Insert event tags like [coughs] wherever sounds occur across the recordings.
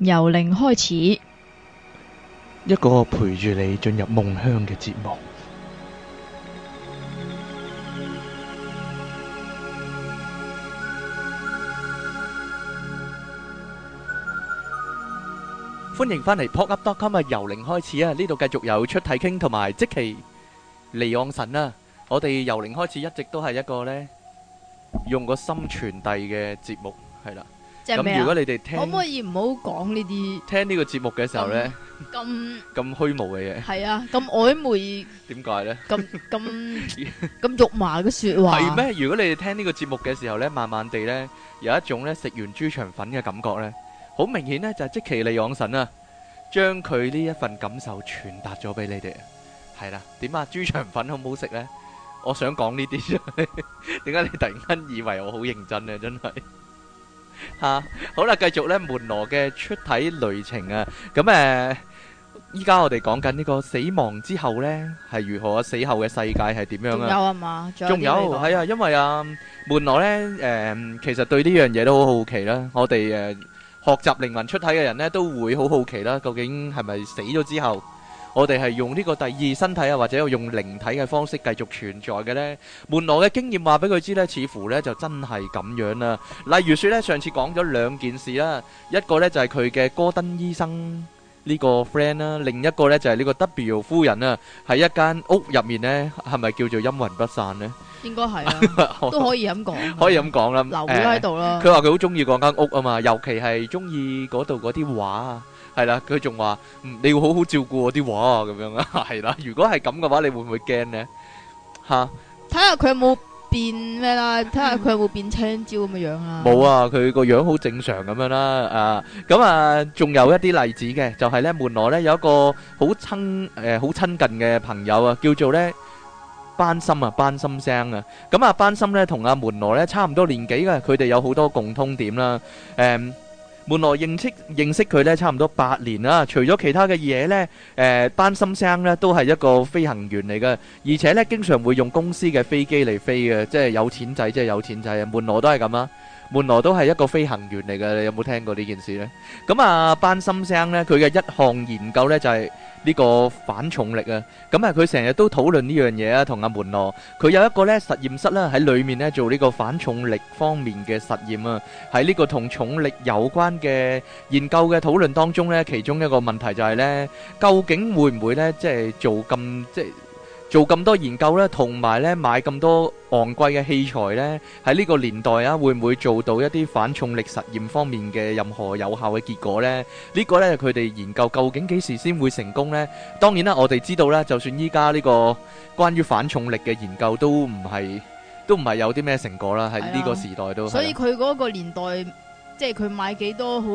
由零開始，一個陪住你進入夢鄉嘅節目。歡迎返嚟 popup.com。由零開始啊，呢度繼續有出體傾同埋即其利昂神啦。我哋由零開始一直都係一個呢用個心傳遞嘅節目，係啦。咁如果你哋聽可唔可以唔好講呢啲？聽呢個節目嘅時候咧，咁咁虛無嘅嘢，係啊，咁曖昧，點解咧？咁咁咁肉麻嘅說話係咩？如果你哋聽呢個節目嘅時候咧，慢慢地咧有一種咧食完豬腸粉嘅感覺咧，好明顯咧就係即其利養神啊！將佢呢一份感受傳達咗俾你哋，係啦，點啊？豬腸粉好唔好食咧？我想講呢啲，點解你突然間以為我好認真啊？真係。吓、啊，好啦，繼續咧，門羅嘅出體旅程啊，咁、啊、誒，依家我哋講緊呢個死亡之後咧，係如何、啊、死後嘅世界係點樣啊？有啊嘛，仲有係有啊，因為啊，門羅咧，誒、嗯，其實對呢樣嘢都好好奇啦。我哋誒、啊，學習靈魂出體嘅人咧，都會好好奇啦，究竟係咪死咗之後？我哋係用呢個第二身體啊，或者用靈體嘅方式繼續存在嘅咧。門羅嘅經驗話俾佢知咧，似乎咧就真係咁樣啦。例如説咧，上次講咗兩件事啦，一個咧就係佢嘅戈登醫生呢個 friend 啦，另一個咧就係呢個 W 夫人啦。喺一間屋入面咧，係咪叫做陰魂不散咧？應該係啦，都可以咁講。可以咁講啦，留咗喺度啦。佢話佢好中意嗰間屋啊嘛，尤其係中意嗰度嗰啲畫啊。係啦，佢仲話，嗯，你要好好照顧我啲話啊，咁樣啊，係啦。如果係咁嘅話，你會唔會驚咧？吓，睇下佢有冇變咩啦，睇下佢有冇變青椒咁嘅樣啊。冇啊，佢個樣好正常咁樣啦。啊，咁啊，仲有一啲例子嘅，就係咧，門羅咧有一個好親誒，好親近嘅朋友啊，叫做咧班心啊，班心聲啊。咁啊，班心咧同阿門羅咧差唔多年紀嘅，佢哋有好多共通點啦。誒。門羅認識認識佢呢，差唔多八年啦。除咗其他嘅嘢呢，誒、呃、班心生呢都係一個飛行員嚟嘅，而且呢，經常會用公司嘅飛機嚟飛嘅，即係有，有錢仔，即係有錢仔啊！門羅都係咁啊。門羅都係一個飛行員嚟嘅，你有冇聽過呢件事咧？咁啊，班森聲咧，佢嘅一項研究咧就係呢個反重力啊。咁啊，佢成日都討論呢樣嘢啊，同阿門羅，佢有一個咧實驗室啦，喺裏面咧做呢個反重力方面嘅實驗啊。喺呢個同重力有關嘅研究嘅討論當中咧，其中一個問題就係咧，究竟會唔會咧，即係做咁即係？做咁多研究呢，同埋呢買咁多昂貴嘅器材呢，喺呢個年代啊，會唔會做到一啲反重力實驗方面嘅任何有效嘅結果呢？呢個呢佢哋研究究竟幾時先會成功呢？當然啦，我哋知道啦，就算依家呢個關於反重力嘅研究都唔係都唔係有啲咩成果啦，喺呢個時代都。所以佢嗰個年代，即係佢買幾多好。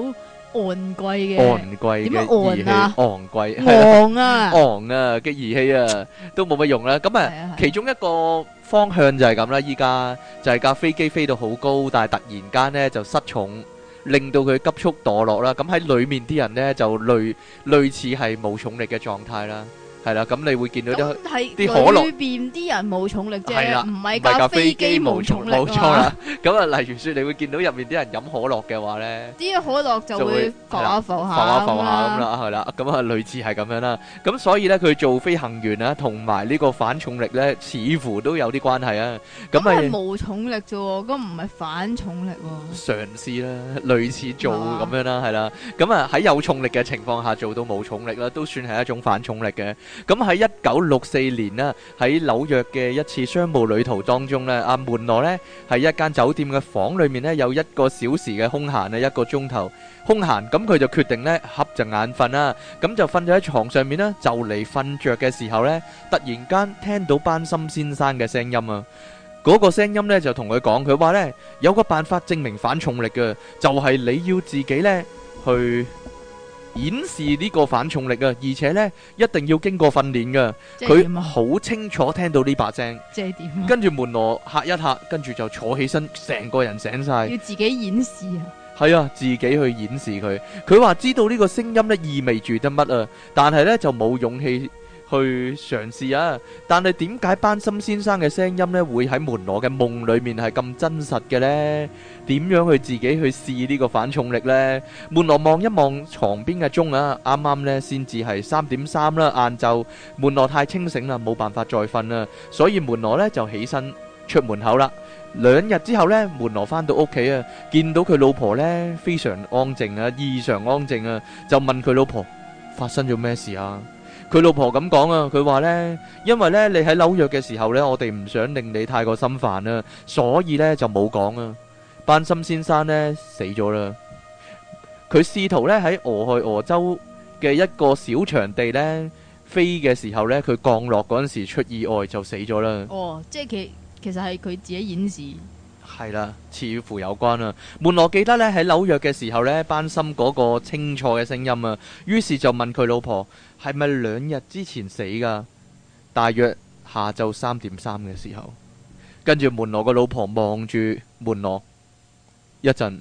昂貴嘅，昂貴嘅儀器，昂貴，昂啊，昂啊嘅儀器啊，都冇乜用啦。咁啊，其中一個方向就係咁啦。依家就係架飛機飛到好高，但係突然間呢就失重，令到佢急速墮落啦。咁喺裏面啲人呢就類類似係冇重力嘅狀態啦。係啦，咁你會見到啲啲可樂入邊啲人冇重力啫，係啦，唔係架飛機冇重力啊，冇錯啦。咁啊，例如說你會見到入邊啲人飲可樂嘅話咧，啲可樂就會浮下浮下浮下浮下咁啦，係啦，咁啊類似係咁樣啦。咁所以咧，佢做飛行員啊，同埋呢個反重力咧，似乎都有啲關係啊。咁係冇重力啫，咁唔係反重力。嘗試啦，類似做咁樣啦，係啦。咁啊喺有重力嘅情況下做到冇重力啦，都算係一種反重力嘅。咁喺一九六四年啦，喺紐約嘅一次商務旅途當中咧，阿門羅咧喺一間酒店嘅房裏面咧有一個小時嘅空閒啊，一個鐘頭空閒，咁佢就決定咧瞌就眼瞓啦，咁就瞓咗喺床上面啦，就嚟瞓着嘅時候咧，突然間聽到班森先生嘅聲音啊，嗰個聲音咧就同佢講，佢話咧有個辦法證明反重力嘅，就係你要自己咧去。演示呢個反重力啊，而且呢一定要經過訓練㗎，佢好、啊、清楚聽到呢把聲。即係點、啊？跟住門羅吓一吓，跟住就坐起身，成個人醒晒。要自己演示啊？係啊，自己去演示佢。佢話知道呢個聲音呢意味住啲乜啊？但係呢就冇勇氣。去嘗試啊！但係點解班森先生嘅聲音咧會喺門羅嘅夢裏面係咁真實嘅咧？點樣去自己去試呢個反重力咧？門羅望一望床邊嘅鐘啊，啱啱咧先至係三點三啦，晏晝。門羅太清醒啦，冇辦法再瞓啦，所以門羅咧就起身出門口啦。兩日之後咧，門羅翻到屋企啊，見到佢老婆咧非常安靜啊，異常安靜啊，就問佢老婆發生咗咩事啊？佢老婆咁講啊，佢話呢：「因為呢，你喺紐約嘅時候呢，我哋唔想令你太過心煩啦，所以呢就冇講啊。」班森先生呢，死咗啦，佢試圖呢喺俄亥俄州嘅一個小場地呢飛嘅時候呢，佢降落嗰陣時出意外就死咗啦。哦，即係其其實係佢自己演示。係啦，似乎有關啊。門羅記得呢喺紐約嘅時候呢，擔心嗰個清楚嘅聲音啊，於是就問佢老婆：係咪兩日之前死噶？大約下晝三點三嘅時候。跟住門羅個老婆望住門羅一陣，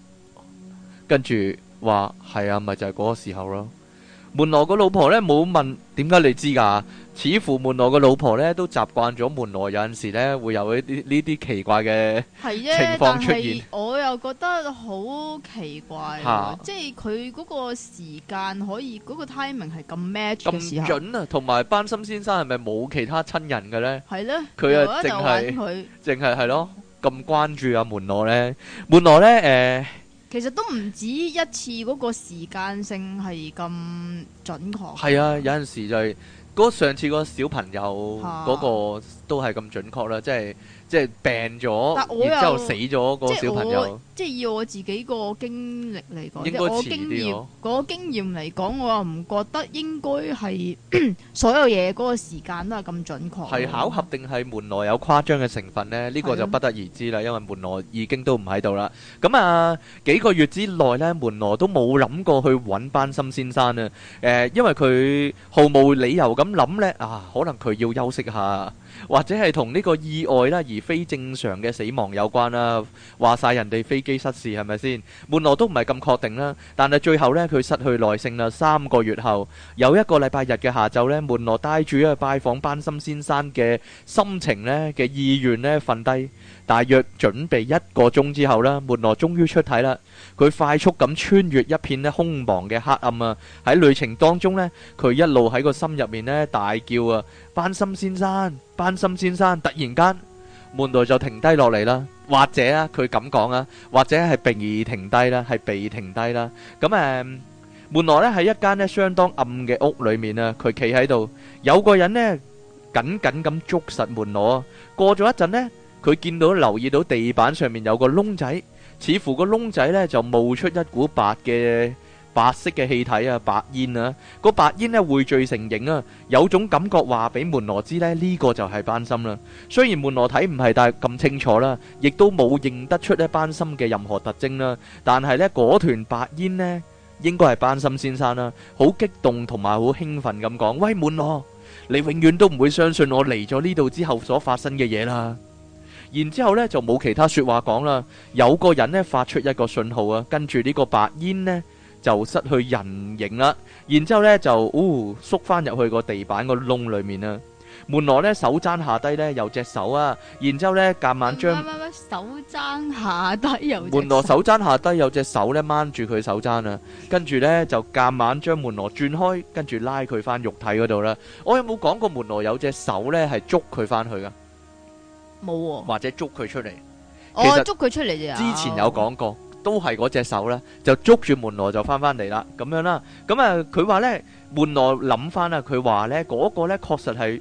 跟住話：係啊，咪就係、是、嗰個時候咯。門羅個老婆呢，冇問點解你知噶。似乎門羅嘅老婆咧都習慣咗門羅有陣時咧會有一啲呢啲奇怪嘅的情況出現。我又覺得好奇怪，啊、即係佢嗰個時間可以嗰、那個 timing 係咁 match 咁準啊！同埋班心先生係咪冇其他親人嘅咧？係咧的，佢啊淨係淨係係咯咁關注阿、啊、門羅咧，門羅咧誒，呃、其實都唔止一次嗰個時間性係咁準確。係啊，有陣時就係。嗰上次個小朋友嗰個都係咁準確啦，即係。即係病咗，然之後死咗個小朋友。即係要我自己個經歷嚟講，即係我經驗，個經驗嚟講，我又唔覺得應該係所有嘢嗰個時間都係咁準確。係巧合定係門羅有誇張嘅成分咧？呢個就不得而知啦。因為門羅已經都唔喺度啦。咁啊，幾個月之內咧，門羅都冇諗過去揾班新先生啊。誒，因為佢毫無理由咁諗咧，啊，可能佢要休息下。或者係同呢個意外啦，而非正常嘅死亡有關啦。話晒人哋飛機失事係咪先？門羅都唔係咁確定啦。但係最後呢，佢失去耐性啦。三個月後，有一個禮拜日嘅下晝呢，門羅帶著去拜訪班森先生嘅心情呢，嘅意願呢，瞓低。大約準備一個鐘之後呢，門羅終於出體啦。佢快速咁穿越一片呢，空茫嘅黑暗啊！喺旅程當中呢，佢一路喺個心入面呢，大叫啊！班森先生，班森先生，突然間，門羅就停低落嚟啦，或者啊佢咁講啊，或者係並而停低啦，係並而停低啦。咁誒，門羅咧，係一間咧，相當暗嘅屋裏面啊，佢企喺度，有個人咧，緊緊咁捉實門羅。過咗一陣咧，佢見到留意到地板上面有個窿仔，似乎個窿仔咧，就冒出一股白嘅。白色嘅氣體啊，白煙啊，個白煙呢，匯聚成形啊，有種感覺話俾門羅知呢，呢、呢個就係班心啦。雖然門羅睇唔係大咁清楚啦，亦都冇認得出一班心嘅任何特徵啦。但係呢，嗰團白煙呢，應該係班心先生啦，好激動同埋好興奮咁講，喂，門羅，你永遠都唔會相信我嚟咗呢度之後所發生嘅嘢啦。然之後呢就冇其他說話講啦。有個人呢發出一個信號啊，跟住呢個白煙呢就失去人形啦，然之後咧就，哦，縮翻入去個地板個窿裏面啦。門羅咧手踭下低咧有隻手啊，然之後咧夾硬將，唔唔唔，手踭下低有，門羅手踭下低有隻手咧掹住佢手踭啊，跟住咧就夾硬將門羅轉開，跟住拉佢翻肉體嗰度啦。我有冇講過門羅有隻手咧係捉佢翻去噶？冇喎，或者捉佢出嚟，哦，我捉佢出嚟啫，之前有講過。都係嗰隻手咧，就捉住門羅就翻翻嚟啦，咁樣啦。咁啊，佢話咧，門羅諗翻啦，佢話咧，嗰、那個咧確實係。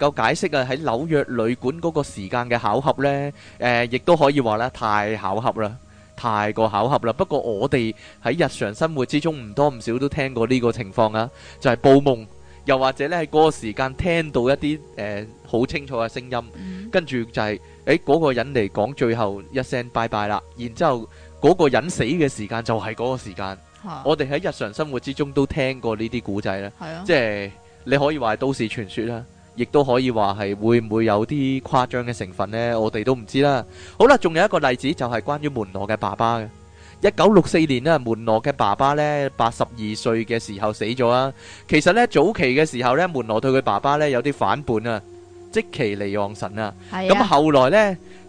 夠解釋啊！喺紐約旅館嗰個時間嘅巧合咧，誒，亦都可以話咧，太巧合啦，太過巧合啦。不過我哋喺日常生活之中唔多唔少都聽過呢個情況啊，就係報夢，又或者咧喺嗰個時間聽到一啲誒好清楚嘅聲音，跟住就係誒嗰個人嚟講最後一聲拜拜啦，然之後嗰個人死嘅時間就係嗰個時間。我哋喺日常生活之中都聽過呢啲古仔啦，即係你可以話都市傳說啦。亦都可以話係會唔會有啲誇張嘅成分咧？我哋都唔知啦。好啦，仲有一個例子就係關於門羅嘅爸爸嘅。一九六四年啦，門羅嘅爸爸咧八十二歲嘅時候死咗啊。其實咧早期嘅時候咧，門羅對佢爸爸咧有啲反叛啊，即其離忘神啊。係啊。咁後來咧。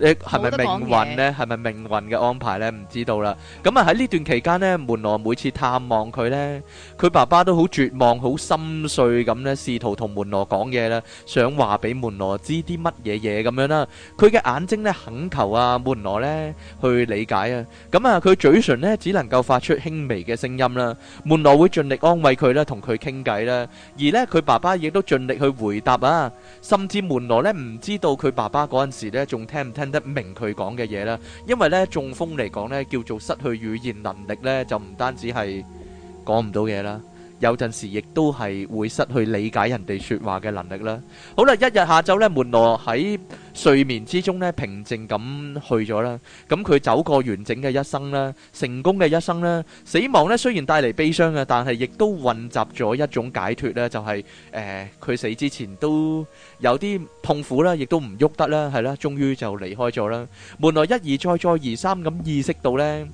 誒，係咪命運咧？係咪命運嘅安排咧？唔知道啦。咁啊，喺呢段期間咧，門羅每次探望佢咧，佢爸爸都好絕望、好心碎咁咧，試圖同門羅講嘢啦，想話俾門羅知啲乜嘢嘢咁樣啦。佢嘅眼睛咧，懇求啊門羅咧去理解啊。咁啊，佢嘴唇咧只能夠發出輕微嘅聲音啦。門羅會盡力安慰佢啦，同佢傾偈啦。而咧佢爸爸亦都盡力去回答啊。甚至門羅咧唔知道佢爸爸嗰陣時咧仲聽唔聽。得明佢講嘅嘢啦，因為咧中風嚟講咧叫做失去語言能力咧，就唔單止係講唔到嘢啦。有陣時亦都係會失去理解人哋說話嘅能力啦。好啦，一日下晝咧，門羅喺睡眠之中咧，平靜咁去咗啦。咁佢走過完整嘅一生啦，成功嘅一生啦。死亡咧雖然帶嚟悲傷啊，但係亦都混雜咗一種解脫啦。就係誒，佢死之前都有啲痛苦啦，亦都唔喐得啦，係啦，終於就離開咗啦。門羅一而再，再而三咁意識到咧。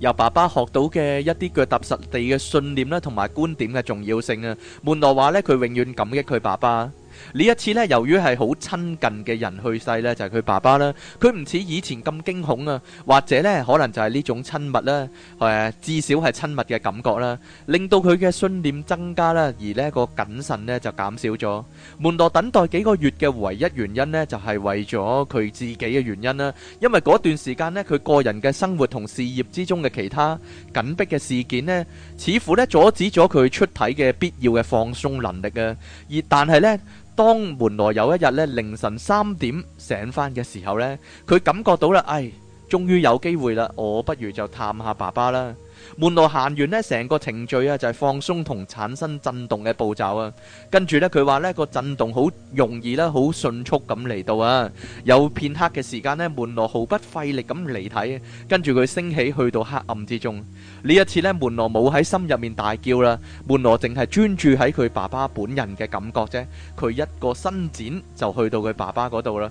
由爸爸學到嘅一啲腳踏實地嘅信念啦，同埋觀點嘅重要性啊。門羅話呢，佢永遠感激佢爸爸。呢一次呢，由於係好親近嘅人去世呢，就係、是、佢爸爸啦。佢唔似以前咁驚恐啊，或者呢，可能就係呢種親密啦，誒至少係親密嘅感覺啦，令到佢嘅信念增加啦，而呢個謹慎呢，就減少咗。門羅等待幾個月嘅唯一原因呢，就係為咗佢自己嘅原因啦，因為嗰段時間呢，佢個人嘅生活同事業之中嘅其他緊迫嘅事件呢，似乎呢阻止咗佢出體嘅必要嘅放鬆能力啊。而但係呢。當門羅有一日咧，凌晨三點醒返嘅時候咧，佢感覺到啦，唉，終於有機會啦，我不如就探下爸爸啦。門羅行完呢，成個程序啊，就係放鬆同產生震動嘅步驟啊。跟住呢，佢話呢個震動好容易啦，好迅速咁嚟到啊。有片刻嘅時間呢，門羅毫不費力咁離體，跟住佢升起去到黑暗之中。呢一次呢，門羅冇喺心入面大叫啦，門羅淨係專注喺佢爸爸本人嘅感覺啫。佢一個伸展就去到佢爸爸嗰度啦。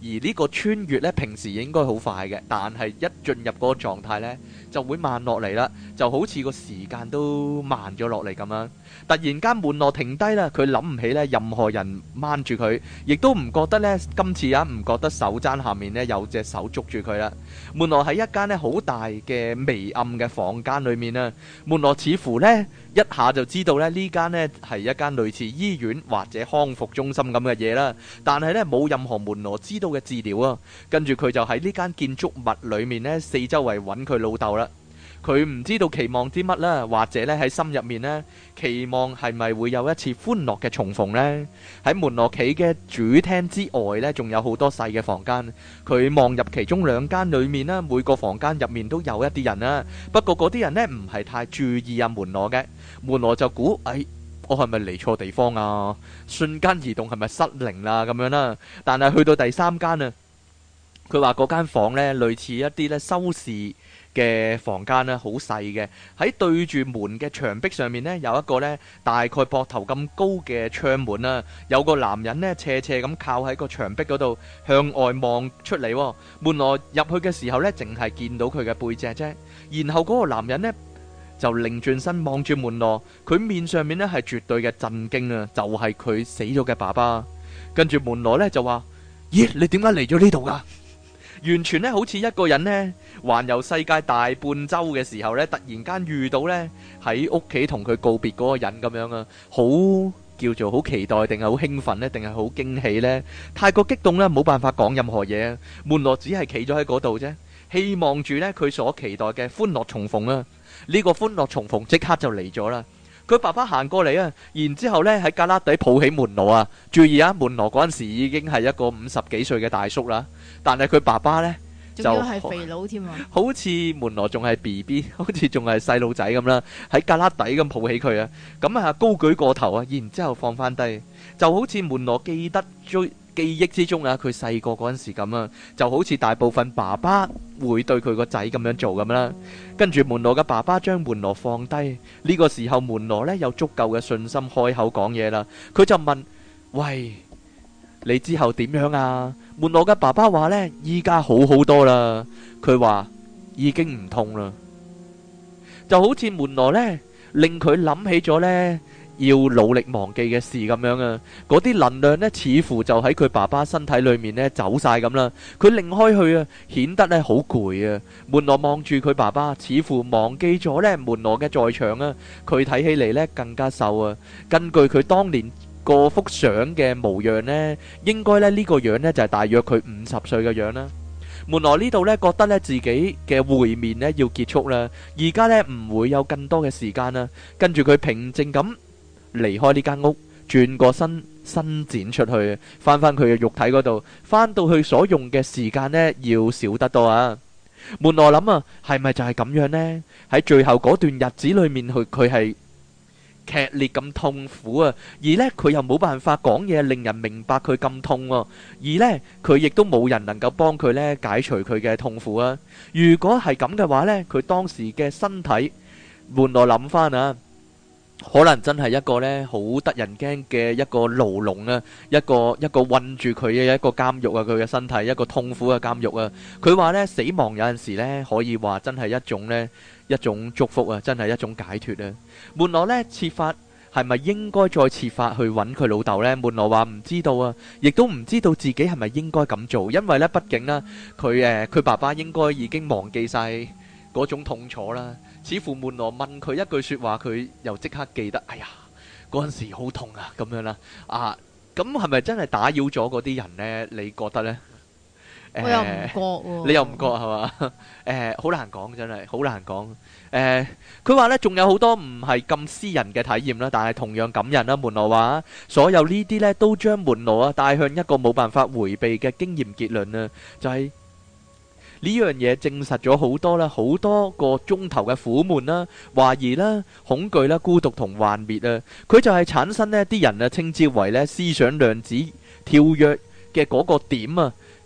而呢個穿越呢，平時應該好快嘅，但係一進入嗰個狀態呢，就會慢落嚟啦，就好似個時間都慢咗落嚟咁樣。突然間門羅停低啦，佢諗唔起咧任何人掹住佢，亦都唔覺得咧今次啊，唔覺得手踭下面咧有隻手捉住佢啦。門羅喺一間咧好大嘅微暗嘅房間裏面啦，門羅似乎呢一下就知道咧呢間咧係一間類似醫院或者康復中心咁嘅嘢啦，但係呢冇任何門羅知道嘅治療啊。跟住佢就喺呢間建築物裏面呢四周圍揾佢老豆啦。佢唔知道期望啲乜啦，或者咧喺心入面呢，期望係咪會有一次歡樂嘅重逢呢？喺門羅企嘅主廳之外呢，仲有好多細嘅房間。佢望入其中兩間裏面呢，每個房間入面都有一啲人啦。不過嗰啲人呢，唔係太注意啊門羅嘅。門羅就估，哎，我係咪嚟錯地方啊？瞬間移動係咪失靈啦？咁樣啦。但係去到第三間啊，佢話嗰間房呢，類似一啲呢收視。嘅房間啦，好細嘅，喺對住門嘅牆壁上面呢，有一個呢大概膊頭咁高嘅窗門啦，啊，有個男人呢斜斜咁靠喺個牆壁嗰度向外望出嚟，哦。門羅入去嘅時候呢，淨係見到佢嘅背脊啫。然後嗰個男人呢，就擰轉身望住門羅，佢面上面呢，係絕對嘅震驚啊！就係、是、佢死咗嘅爸爸。跟住門羅呢，就話：咦，你點解嚟咗呢度噶？完全咧，好似一個人咧環遊世界大半周嘅時候咧，突然間遇到咧喺屋企同佢告別嗰個人咁樣啊，好叫做好期待，定係好興奮咧，定係好驚喜呢？太過激動呢，冇辦法講任何嘢，門羅只係企咗喺嗰度啫，希望住咧佢所期待嘅歡樂重逢啊！呢個歡樂重逢即刻就嚟咗啦！佢爸爸行過嚟啊，然之後咧喺格拉底抱起門羅啊，注意啊，門羅嗰陣時已經係一個五十幾歲嘅大叔啦。但係佢爸爸呢，仲要係肥佬添啊！ [laughs] 好似門羅仲係 B B，好似仲係細路仔咁啦，喺架旯底咁抱起佢啊！咁啊，高舉過頭啊，然之後放翻低，就好似門羅記得最記憶之中啊，佢細個嗰陣時咁啊，就好似大部分爸爸會對佢個仔咁樣做咁啦。跟住門羅嘅爸爸將門羅放低，呢個時候門羅呢有足夠嘅信心開口講嘢啦。佢就問，喂，你之後點樣啊？門羅嘅爸爸話呢，依家好好多啦。佢話已經唔痛啦，就好似門羅呢，令佢諗起咗呢要努力忘記嘅事咁樣啊。嗰啲能量呢，似乎就喺佢爸爸身體裏面呢走晒咁啦。佢擰開去啊，顯得呢好攰啊。門羅望住佢爸爸，似乎忘記咗呢門羅嘅在場啊。佢睇起嚟呢更加瘦啊。根據佢當年。個幅相嘅模樣咧，應該咧呢個樣咧就係大約佢五十歲嘅樣啦。門羅呢度咧覺得咧自己嘅會面咧要結束啦，而家咧唔會有更多嘅時間啦。跟住佢平靜咁離開呢間屋，轉個身伸展出去，翻翻佢嘅肉體嗰度，翻到佢所用嘅時間咧要少得多啊。門羅諗啊，係咪就係咁樣咧？喺最後嗰段日子裏面，佢佢係。劇烈咁痛苦啊！而咧佢又冇辦法講嘢，令人明白佢咁痛喎。而咧佢亦都冇人能夠幫佢咧解除佢嘅痛苦啊！如果係咁嘅話咧，佢當時嘅身體，換我諗翻啊，可能真係一個咧好得人驚嘅一個牢籠啊！一個一個困住佢嘅一個監獄啊！佢嘅身體一個痛苦嘅監獄啊！佢話咧死亡有陣時咧可以話真係一種咧。一種祝福啊，真係一種解脫咧、啊。門羅呢，設法係咪應該再設法去揾佢老豆呢？門羅話唔知道啊，亦都唔知道自己係咪應該咁做，因為呢畢竟咧、啊，佢誒佢爸爸應該已經忘記晒嗰種痛楚啦。似乎門羅問佢一句說話，佢又即刻記得，哎呀，嗰陣時好痛啊咁樣啦、啊。啊，咁係咪真係打擾咗嗰啲人呢？你覺得呢？我又唔覺喎，你又唔覺係嘛？誒，好難講，真係好難講。誒，佢話咧，仲有好多唔係咁私人嘅體驗啦，但係同樣感人啦。門羅話，所有呢啲咧都將門羅啊帶向一個冇辦法回避嘅經驗結論啊，就係呢樣嘢證實咗好多啦，好多個鐘頭嘅苦悶啦、懷疑啦、恐懼啦、孤獨同幻滅啊。佢就係產生咧，啲人啊稱之為咧思想量子跳躍嘅嗰個點啊。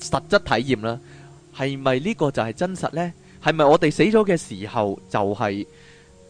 實質體驗啦，係咪呢個就係真實呢？係咪我哋死咗嘅時候就係、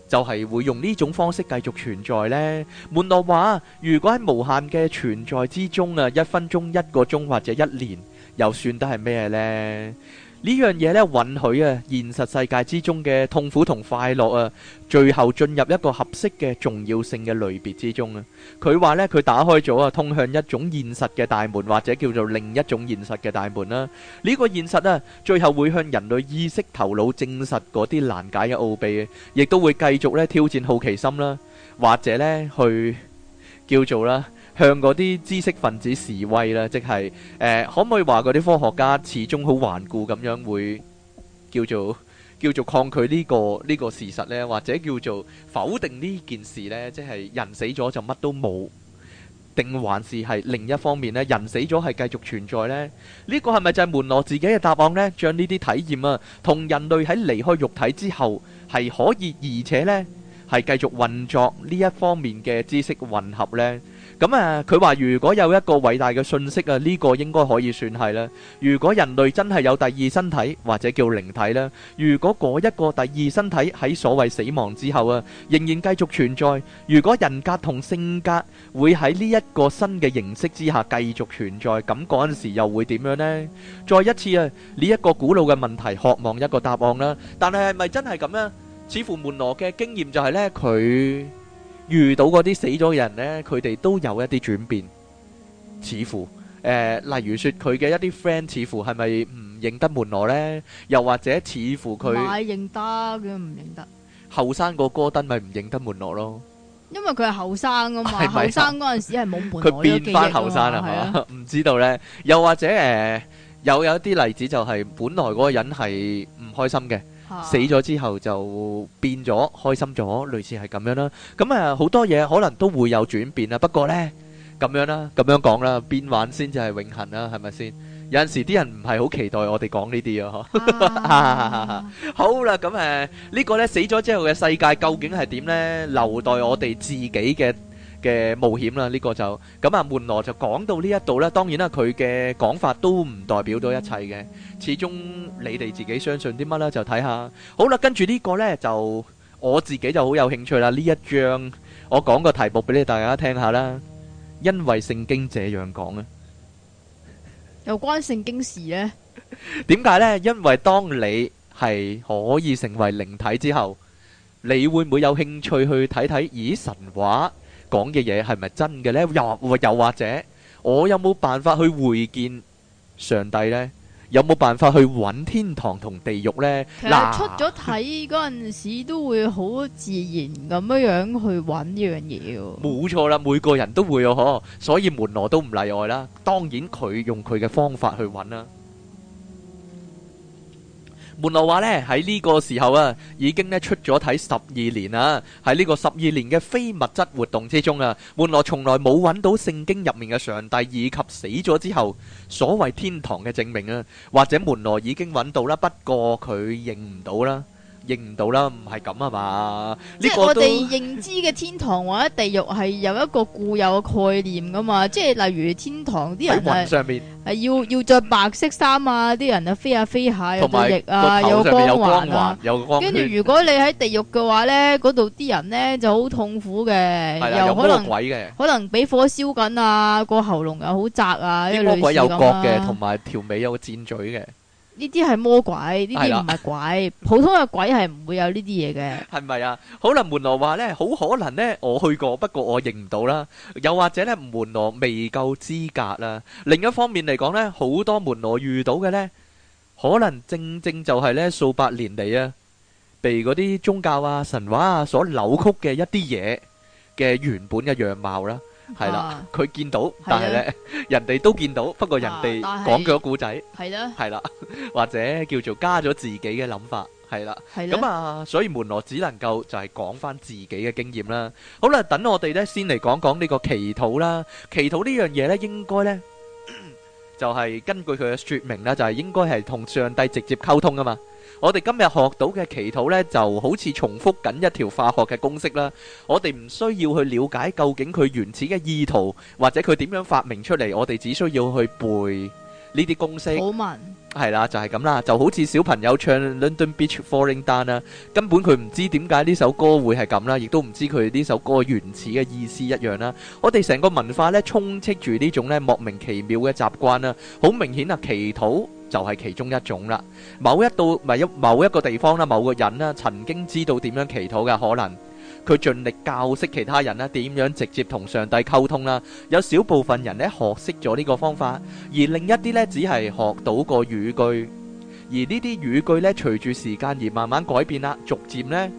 就係會用呢種方式繼續存在呢？門羅話：如果喺無限嘅存在之中啊，一分鐘、一個鐘或者一年，又算得係咩呢？呢樣嘢咧，允許啊，現實世界之中嘅痛苦同快樂啊，最後進入一個合適嘅重要性嘅類別之中啊。佢話咧，佢打開咗啊，通向一種現實嘅大門，或者叫做另一種現實嘅大門啦、啊。呢、這個現實啊，最後會向人類意識頭腦證實嗰啲難解嘅奧秘，亦都會繼續咧挑戰好奇心啦、啊，或者咧去叫做啦。向嗰啲知識分子示威啦，即係誒、呃，可唔可以話嗰啲科學家始終好頑固咁樣，會叫做叫做抗拒呢個呢個事實呢，或者叫做否定呢件事呢？即係人死咗就乜都冇，定還是係另一方面呢？「人死咗係繼續存在呢」？呢個係咪就係門羅自己嘅答案呢？將呢啲體驗啊，同人類喺離開肉體之後係可以而且呢，係繼續運作呢一方面嘅知識混合呢。咁啊，佢話如果有一個偉大嘅訊息啊，呢個應該可以算係啦。如果人類真係有第二身體或者叫靈體咧，如果嗰一個第二身體喺所謂死亡之後啊，仍然繼續存在，如果人格同性格會喺呢一個新嘅形式之下繼續存在，咁嗰陣時又會點樣咧？再一次啊，呢一個古老嘅問題，渴望一個答案啦。但係係咪真係咁咧？似乎門羅嘅經驗就係咧，佢。遇到嗰啲死咗人呢，佢哋都有一啲轉變，似乎誒，例如説佢嘅一啲 friend 似乎係咪唔認得門羅呢？又或者似乎佢，唔係認得嘅，唔認得，後生個戈登咪唔認得門羅咯，因為佢係後生吖嘛，後生嗰陣時係冇門。佢變翻後生啦，係啊，唔知道呢。又或者誒，有有一啲例子就係本來嗰個人係唔開心嘅。啊、死咗之後就變咗，開心咗，類似係咁樣啦。咁誒好多嘢可能都會有轉變啦。不過呢，咁樣啦、啊，咁樣講啦，變幻先至係永恆啦、啊，係咪先？啊、有陣時啲人唔係好期待我哋講呢啲啊！ [laughs] 啊 [laughs] 好啦，咁誒呢個呢，死咗之後嘅世界究竟係點呢？留待我哋自己嘅嘅冒險啦，呢個就咁啊，門羅就講到呢一度啦。當然啦，佢嘅講法都唔代表到一切嘅，始終你哋自己相信啲乜啦，就睇下。好啦，跟住呢個咧就我自己就好有興趣啦。呢一張我講個題目俾你大家聽下啦，因為聖經這樣講啊，有關聖經事咧？點解咧？因為當你係可以成為靈體之後，你會唔會有興趣去睇睇以神話？講嘅嘢係咪真嘅呢？又或又或者，我有冇辦法去會見上帝呢？有冇辦法去揾天堂同地獄呢？其實出咗體嗰陣時都會好自然咁樣樣去揾呢樣嘢嘅。冇錯啦，每個人都會哦，嗬，所以門羅都唔例外啦。當然佢用佢嘅方法去揾啦。門羅話咧，喺呢個時候啊，已經咧出咗體十二年啊，喺呢個十二年嘅非物質活動之中啊，門羅從來冇揾到聖經入面嘅上帝以及死咗之後所謂天堂嘅證明啊，或者門羅已經揾到啦，不過佢認唔到啦。認唔到啦，唔係咁啊嘛！即係是我哋認知嘅天堂或者地獄係有一個固有嘅概念噶嘛，即係例如天堂啲人係要要着白色衫啊，啲人啊飛下、啊、飛下有對翼啊，有，啊有光環、啊。跟住，啊、如果你喺地獄嘅話咧，嗰度啲人咧就好痛苦嘅，啊、又可能鬼可能俾火燒緊啊，個喉嚨又好窄啊，啲魔鬼有角嘅，同埋條尾有個箭嘴嘅。呢啲係魔鬼，呢啲唔係鬼。 [laughs] 普通嘅鬼係唔會有呢啲嘢嘅。係咪 [laughs] 啊？可能門羅話呢，好可能呢，我去過，不過我認唔到啦。又或者呢，門羅未夠資格啦。另一方面嚟講呢，好多門羅遇到嘅呢，可能正正就係呢數百年嚟啊，被嗰啲宗教啊、神話啊所扭曲嘅一啲嘢嘅原本嘅樣貌啦。係啦，佢、啊、見到，但係咧，啊、人哋都見到，不過人哋講咗故仔，係啦，係啦，或者叫做加咗自己嘅諗法，係啦，係啦的，咁啊，所以門羅只能夠就係講返自己嘅經驗啦。好啦，等我哋咧先嚟講講呢個祈禱啦。祈禱呢樣嘢咧，應該咧 [coughs] 就係、是、根據佢嘅說明啦，就係、是、應該係同上帝直接溝通㗎嘛。我哋今日學到嘅祈禱呢，就好似重複緊一條化學嘅公式啦。我哋唔需要去了解究竟佢原始嘅意圖，或者佢點樣發明出嚟。我哋只需要去背呢啲公式。係啦，就係咁啦，就好似小朋友唱 London Bridge Falling Down 啦，根本佢唔知點解呢首歌會係咁啦，亦都唔知佢呢首歌原始嘅意思一樣啦。我哋成個文化呢，充斥住呢種呢莫名其妙嘅習慣啦，好明顯啊，祈禱就係其中一種啦。某一到咪一某一個地方啦，某個人啦，曾經知道點樣祈禱嘅可能。佢盡力教識其他人咧點樣直接同上帝溝通啦，有少部分人咧學識咗呢個方法，而另一啲咧只係學到個語句，而呢啲語句咧隨住時間而慢慢改變啦，逐漸咧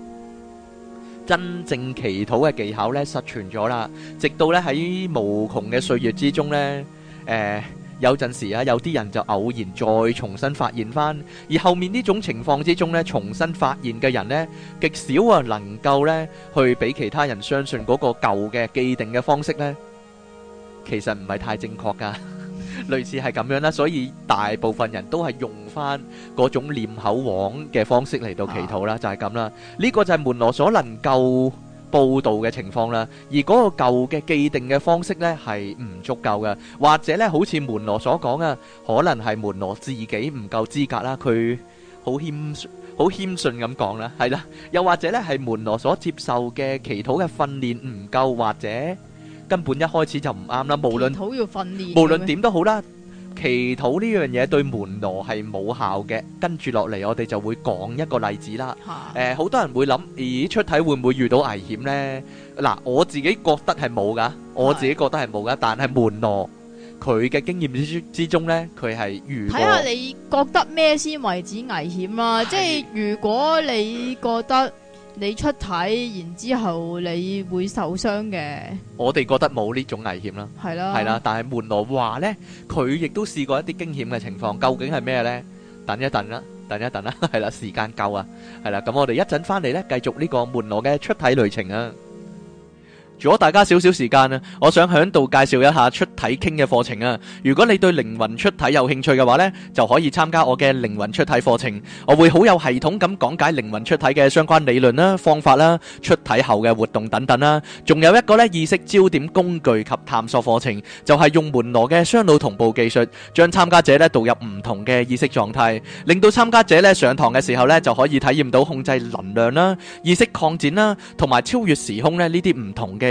真正祈禱嘅技巧咧失傳咗啦，直到咧喺無窮嘅歲月之中咧，誒、呃。有陣時啊，有啲人就偶然再重新發現翻，而後面呢種情況之中咧，重新發現嘅人呢，極少啊，能夠咧去俾其他人相信嗰個舊嘅既定嘅方式呢，其實唔係太正確噶， [laughs] 類似係咁樣啦，所以大部分人都係用翻嗰種念口簧嘅方式嚟到祈禱啦，啊、就係咁啦，呢、這個就係門羅所能夠。報導嘅情況啦，而嗰個舊嘅既定嘅方式呢係唔足夠嘅，或者呢，好似門羅所講啊，可能係門羅自己唔夠資格啦，佢好謙好謙遜咁講啦，係啦，又或者呢，係門羅所接受嘅祈禱嘅訓練唔夠，或者根本一開始就唔啱啦，無論好要訓練，無論點都好啦。祈禱呢樣嘢對門羅係冇效嘅，跟住落嚟我哋就會講一個例子啦。誒，好多人會諗，咦，出體會唔會遇到危險呢？嗱，我自己覺得係冇噶，我自己覺得係冇噶，但係門羅佢嘅經驗之之中呢，佢係如果睇下你覺得咩先為止危險啊？即係如果你覺得。你出體然之後你會受傷嘅，我哋覺得冇呢種危險啦，係啦，係啦，但係門羅話呢，佢亦都試過一啲驚險嘅情況，究竟係咩呢？等一等啦，等一等啦，係啦，時間夠啊，係啦，咁我哋一陣翻嚟呢，繼續呢個門羅嘅出體旅程啊。如果大家有少少時間啊，我想喺度介紹一下出體傾嘅課程啊。如果你對靈魂出體有興趣嘅話咧，就可以參加我嘅靈魂出體課程。我會好有系統咁講解靈魂出體嘅相關理論啦、方法啦、出體後嘅活動等等啦。仲有一個咧意識焦點工具及探索課程，就係用門羅嘅雙腦同步技術，將參加者咧導入唔同嘅意識狀態，令到參加者咧上堂嘅時候咧就可以體驗到控制能量啦、意識擴展啦，同埋超越時空咧呢啲唔同嘅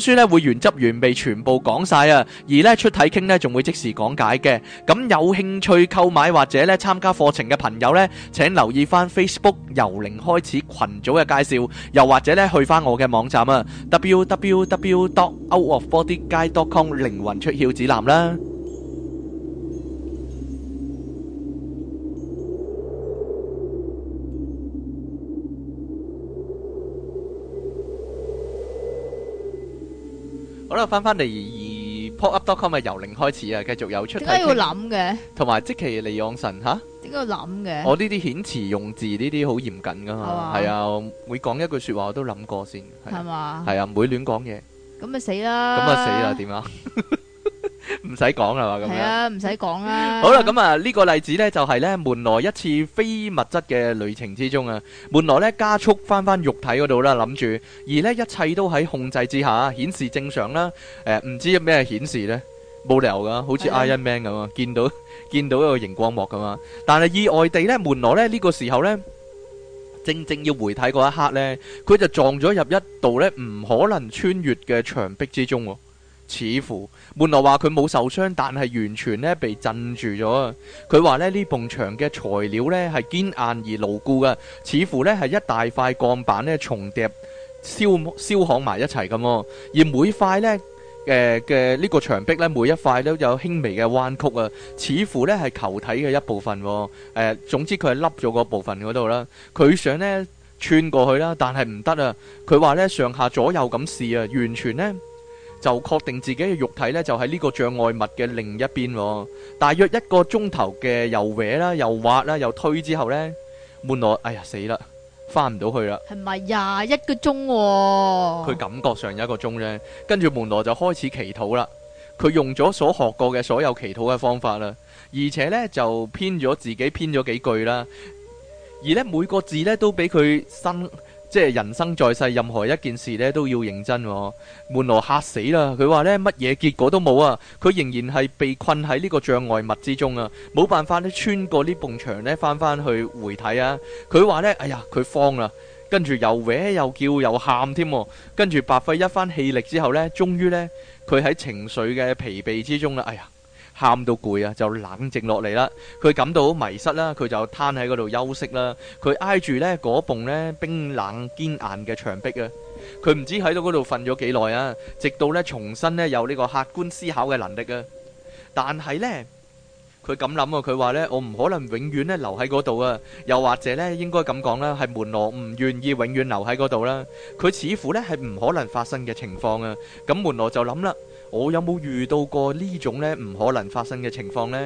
書咧會原汁原味全部講晒啊，而咧出體傾咧仲會即時講解嘅。咁有興趣購買或者咧參加課程嘅朋友咧，請留意翻 Facebook 由零開始群組嘅介紹，又或者咧去翻我嘅網站啊，www.outofbodyguide.com 靈魂出竅指南啦。好啦，翻翻嚟，PopUp.com 而係由零開始啊，繼續有出題題。點解要諗嘅？同埋即其利養神。吓、啊？點解要諗嘅嗎、啊？我呢啲遣詞用字呢啲好嚴謹噶，係嘛？係啊，每講一句說話我都諗過先，係嘛？係啊，唔會亂講嘢。咁咪死啦！咁咪死又點啊？ [laughs] 唔使講啦嘛，咁樣係啊，唔使講啦。好啦，咁啊呢個例子咧就係咧門羅一次非物質嘅旅程之中啊，門羅咧加速翻翻肉體嗰度啦，諗住而咧一切都喺控制之下，顯示正常啦。誒，唔知咩顯示咧？冇理由噶，好似 Iron Man 咁啊，見到見到一個熒光幕咁啊，但係意外地咧，門羅咧呢個時候咧，正正要回體嗰一刻咧，佢就撞咗入一道咧唔可能穿越嘅牆壁之中。似乎，門羅話佢冇受傷，但係完全呢被震住咗。佢話呢，呢埲牆嘅材料呢係堅硬而牢固㗎，似乎呢係一大塊鋼板呢重疊燒燒焊埋一齊咁。而每塊呢，誒嘅呢個牆壁呢，每一塊都有輕微嘅彎曲啊，似乎呢係球體嘅一部分，啊。誒、呃，總之佢係凹咗個部分嗰度啦。佢想呢穿過去啦，但係唔得啊。佢話呢上下左右咁試啊，完全呢。就確定自己嘅肉體咧，就喺呢個障礙物嘅另一邊。大約一個鐘頭嘅又歪啦、又挖啦、又推之後咧，門羅，哎呀死啦，翻唔到去啦。係咪廿一個鐘？佢感覺上一個鐘啫。跟住門羅就開始祈禱啦。佢用咗所學過嘅所有祈禱嘅方法啦，而且咧就編咗自己編咗幾句啦。而咧每個字咧都俾佢新。即係人生在世，任何一件事咧都要認真，哦。門羅嚇死啦！佢話咧乜嘢結果都冇啊！佢仍然係被困喺呢個障礙物之中啊！冇辦法咧，穿過呢埲牆呢翻翻去回睇啊！佢話呢，哎呀，佢慌啦，跟住又歪又叫又喊添，啊，跟住白費一番氣力之後呢，終於呢，佢喺情緒嘅疲憊之中啦，哎呀！喊到攰啊，就冷靜落嚟啦。佢感到迷失啦，佢就攤喺嗰度休息啦。佢挨住呢嗰埲呢冰冷堅硬嘅牆壁啊。佢唔知喺度嗰度瞓咗幾耐啊。直到呢重新呢有呢個客觀思考嘅能力啊。但係呢，佢咁諗啊。佢話呢：「我唔可能永遠呢留喺嗰度啊。」又或者呢，應該咁講啦，係門羅唔願意永遠留喺嗰度啦。佢似乎呢係唔可能發生嘅情況啊。咁門羅就諗啦。我有冇遇到過呢種呢唔可能發生嘅情況呢？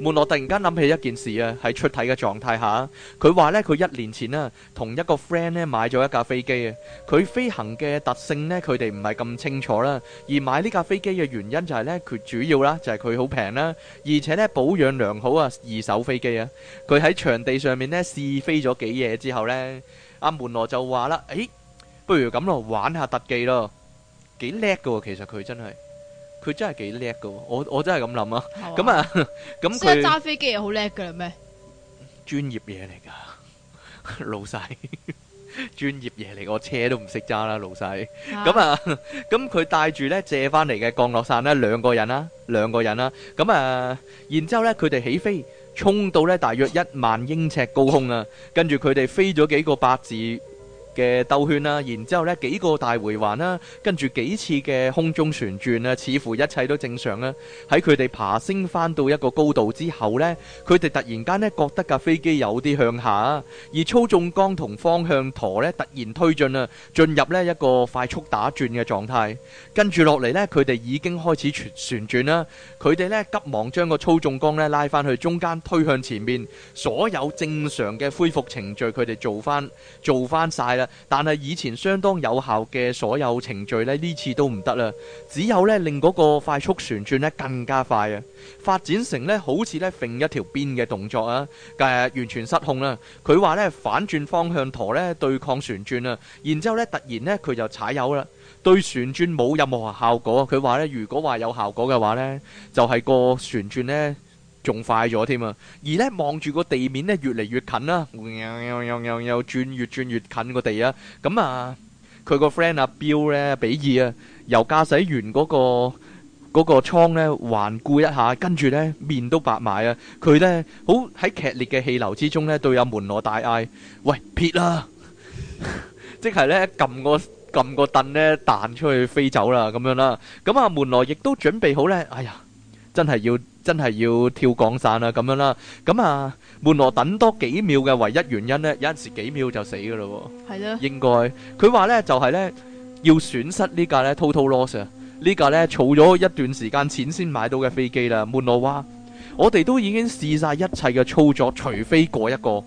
門羅突然間諗起一件事啊，喺出體嘅狀態下，佢話呢佢一年前啊，同一個 friend 呢買咗一架飛機啊。佢飛行嘅特性呢，佢哋唔係咁清楚啦。而買呢架飛機嘅原因就係呢，佢主要啦就係佢好平啦，而且呢保養良好啊，二手飛機啊。佢喺場地上面呢試飛咗幾夜之後呢，阿門羅就話啦：誒，不如咁咯，玩下特技咯，幾叻㗎喎，其實佢真係。佢真係幾叻嘅喎，我我真係咁諗啊！咁、哦、啊，咁佢揸飛機又好叻嘅啦咩？專業嘢嚟噶，老細，嗯、 [laughs] 專業嘢嚟，我車都唔識揸啦，老細。咁啊，咁佢、啊嗯、帶住咧借翻嚟嘅降落傘咧，兩個人啦，兩個人啦。咁啊，然之後咧，佢哋起飛，衝到咧大約一萬英尺高空啊，跟住佢哋飛咗幾個八字嘅兜圈啦，然之後咧幾個大回環啦，跟住幾次嘅空中旋轉啦，似乎一切都正常啦。喺佢哋爬升翻到一個高度之後咧，佢哋突然間咧覺得架飛機有啲向下，而操縱桿同方向舵咧突然推進啦，進入咧一個快速打轉嘅狀態，跟住落嚟咧，佢哋已經開始旋旋轉啦。佢哋咧急忙將個操縱桿咧拉翻去中間推向前面，所有正常嘅恢復程序佢哋做翻做翻晒啦。但係以前相當有效嘅所有程序呢，呢次都唔得啦。只有呢，令嗰個快速旋轉呢更加快啊，發展成呢，好似呢揈一條邊嘅動作啊，誒、呃、完全失控啦。佢話呢，反轉方向舵呢對抗旋轉啊，然之後呢突然呢，佢就踩油啦，對旋轉冇任何效果。佢話呢，如果話有效果嘅話呢，就係、是、個旋轉呢。仲快咗添啊！而咧望住個地面咧越嚟越近啦，又又又又又轉越轉越近個地啊！咁啊，佢個 friend 阿 Bill 咧比爾啊，由駕駛員嗰個嗰個艙咧環顧一下，跟住咧面都白埋啊！佢咧好喺劇烈嘅氣流之中咧，對阿門羅大嗌：「喂，撇啦！即係咧撳個撳個凳咧彈出去飛走啦咁樣啦！咁啊，門羅亦都準備好咧，哎呀，真係要。真係要跳降傘啦，咁樣啦。咁啊，門羅等多幾秒嘅唯一原因咧，有陣時幾秒就死噶咯。係咯，應該佢話咧就係咧要損失呢架咧，total loss 啊。呢架咧儲咗一段時間錢先買到嘅飛機啦。門羅話：我哋都已經試晒一切嘅操作，除非嗰一個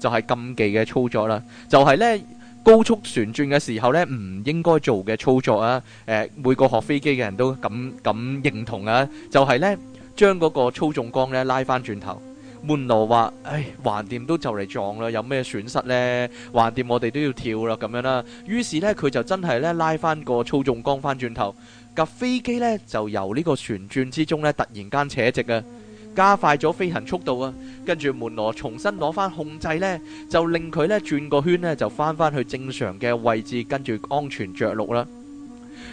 就係禁忌嘅操作啦，就係咧高速旋轉嘅時候咧唔應該做嘅操作啊。誒，每個學飛機嘅人都咁咁認同啊，就係咧。將嗰個操縱桿咧拉翻轉頭，門羅話：唉，橫掂都就嚟撞啦，有咩損失呢？橫掂我哋都要跳啦，咁樣啦。於是呢，佢就真係咧拉翻個操縱桿翻轉頭，架飛機呢，就由呢個旋轉之中咧突然間扯直啊，加快咗飛行速度啊，跟住門羅重新攞翻控制呢，就令佢咧轉個圈呢，就翻翻去正常嘅位置，跟住安全着陸啦。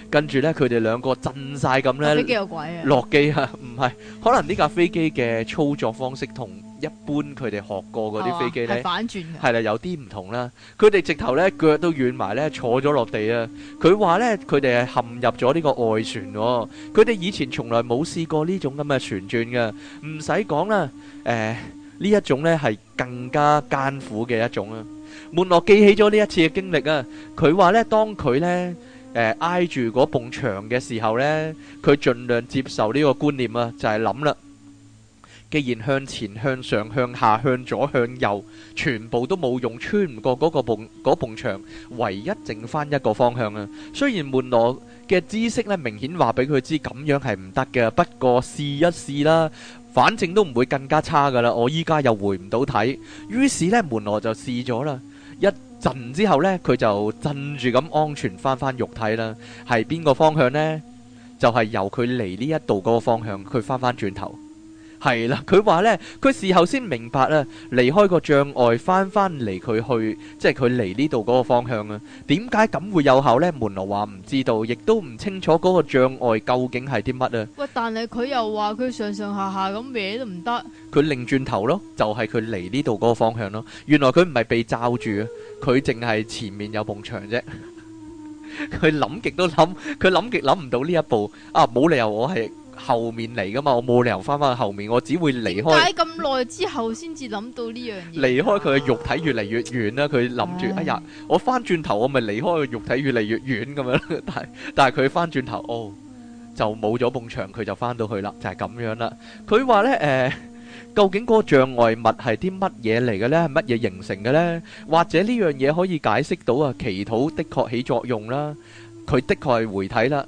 跟住咧，佢哋兩個震曬咁咧，落機啊！唔係，可能呢架飛機嘅操作方式同一般佢哋學過嗰啲飛機咧，係反轉嘅，係啦，有啲唔同啦。佢哋直頭咧腳都軟埋咧，坐咗落地啊！佢話咧，佢哋係陷入咗呢個外旋，佢哋以前從來冇試過呢種咁嘅旋轉嘅，唔使講啦。誒呢一種咧係更加艱苦嘅一種啊！門羅記起咗呢一次嘅經歷啊，佢話咧，當佢咧。誒挨住嗰埲牆嘅時候咧，佢盡量接受呢個觀念啊，就係諗啦。既然向前、向上、向下、向左、向右，全部都冇用，穿唔過嗰個埲嗰埲牆，唯一剩翻一個方向啊。雖然門羅嘅知識咧，明顯話俾佢知咁樣係唔得嘅，不過試一試啦，反正都唔會更加差噶啦。我依家又回唔到體，於是咧門羅就試咗啦，一。神之後咧，佢就鎮住咁安全翻翻肉體啦。係邊個方向咧？就係由佢嚟呢一度個方向，佢翻翻轉頭。係啦，佢話呢，佢事後先明白啦，啊，離開個障礙翻翻嚟，佢去即係佢嚟呢度嗰個方向啊？點解咁會有效呢？門羅話唔知道，亦都唔清楚嗰個障礙究竟係啲乜啊？喂，但係佢又話佢上上下下咁咩都唔得，佢擰轉頭咯，就係佢嚟呢度嗰個方向咯。原來佢唔係被罩住，啊，佢淨係前面有埲牆啫。佢諗極都諗，佢諗極諗唔到呢一步啊！冇理由我係。後面嚟噶嘛？我冇理由翻翻去後面，我只會離開。解咁耐之後，先至諗到呢樣。離開佢嘅肉體越嚟越遠啦。佢諗住哎呀，我翻轉頭我咪離開嘅肉體越嚟越遠咁樣。但係但係佢翻轉頭哦，就冇咗埲牆，佢就翻到去啦，就係咁樣啦。佢話咧誒，究竟嗰個障礙物係啲乜嘢嚟嘅咧？係乜嘢形成嘅咧？或者呢樣嘢可以解釋到啊？祈禱的確起作用啦，佢的確係回體啦，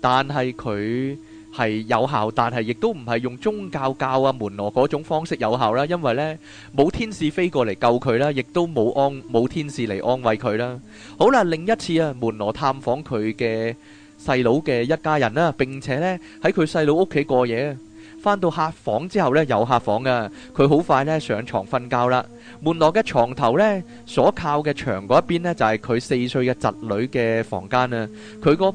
但係佢。係有效，但係亦都唔係用宗教教啊門羅嗰種方式有效啦，因為呢冇天使飛過嚟救佢啦，亦都冇安冇天使嚟安慰佢啦。好啦，另一次啊，門羅探訪佢嘅細佬嘅一家人啦，並且呢喺佢細佬屋企過夜。翻到客房之後呢，有客房噶，佢好快呢上床瞓覺啦。門羅嘅床頭呢所靠嘅牆嗰一邊呢就係佢四歲嘅侄女嘅房間啊，佢個。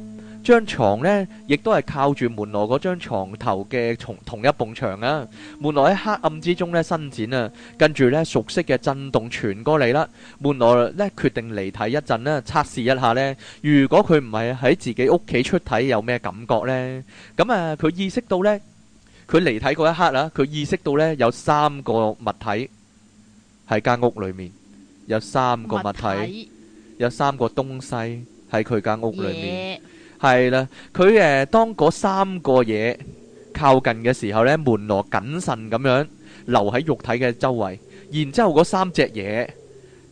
張床呢，亦都係靠住門羅嗰張床頭嘅同同一埲牆啊！門羅喺黑暗之中呢伸展啊，跟住呢熟悉嘅震動傳過嚟啦。門羅呢決定離體一陣呢，測試一下呢。如果佢唔係喺自己屋企出體，有咩感覺呢？咁啊，佢意識到呢，佢離體嗰一刻啦，佢意識到呢有三個物體喺間屋裏面，有三個物體，有三個東西喺佢間屋裏面。係啦，佢誒當嗰三個嘢靠近嘅時候呢，門羅謹慎咁樣留喺肉體嘅周圍，然之後嗰三隻嘢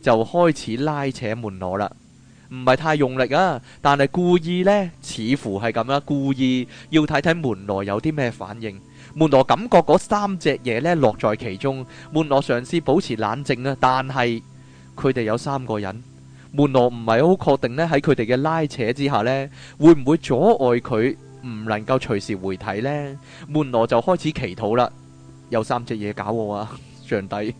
就開始拉扯門羅啦。唔係太用力啊，但係故意呢，似乎係咁樣故意要睇睇門羅有啲咩反應。門羅感覺嗰三隻嘢呢，落在其中，門羅嘗試保持冷靜啊，但係佢哋有三個人。門羅唔係好確定咧，喺佢哋嘅拉扯之下咧，會唔會阻礙佢唔能夠隨時回體呢？門羅就開始祈禱啦，有三隻嘢搞我啊，上帝！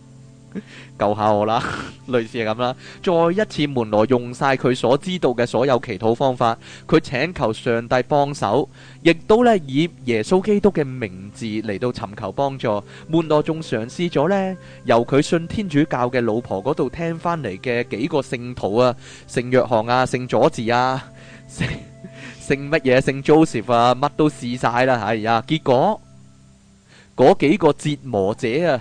救下我啦！類似係咁啦，再一次門羅用晒佢所知道嘅所有祈禱方法，佢請求上帝幫手，亦都呢以耶穌基督嘅名字嚟到尋求幫助。門羅仲嘗試咗呢，由佢信天主教嘅老婆嗰度聽翻嚟嘅幾個聖徒啊，聖約翰啊，聖佐治啊，聖乜嘢，聖 Joseph 啊，乜、啊、都試晒啦，係呀，結果嗰幾個折磨者啊！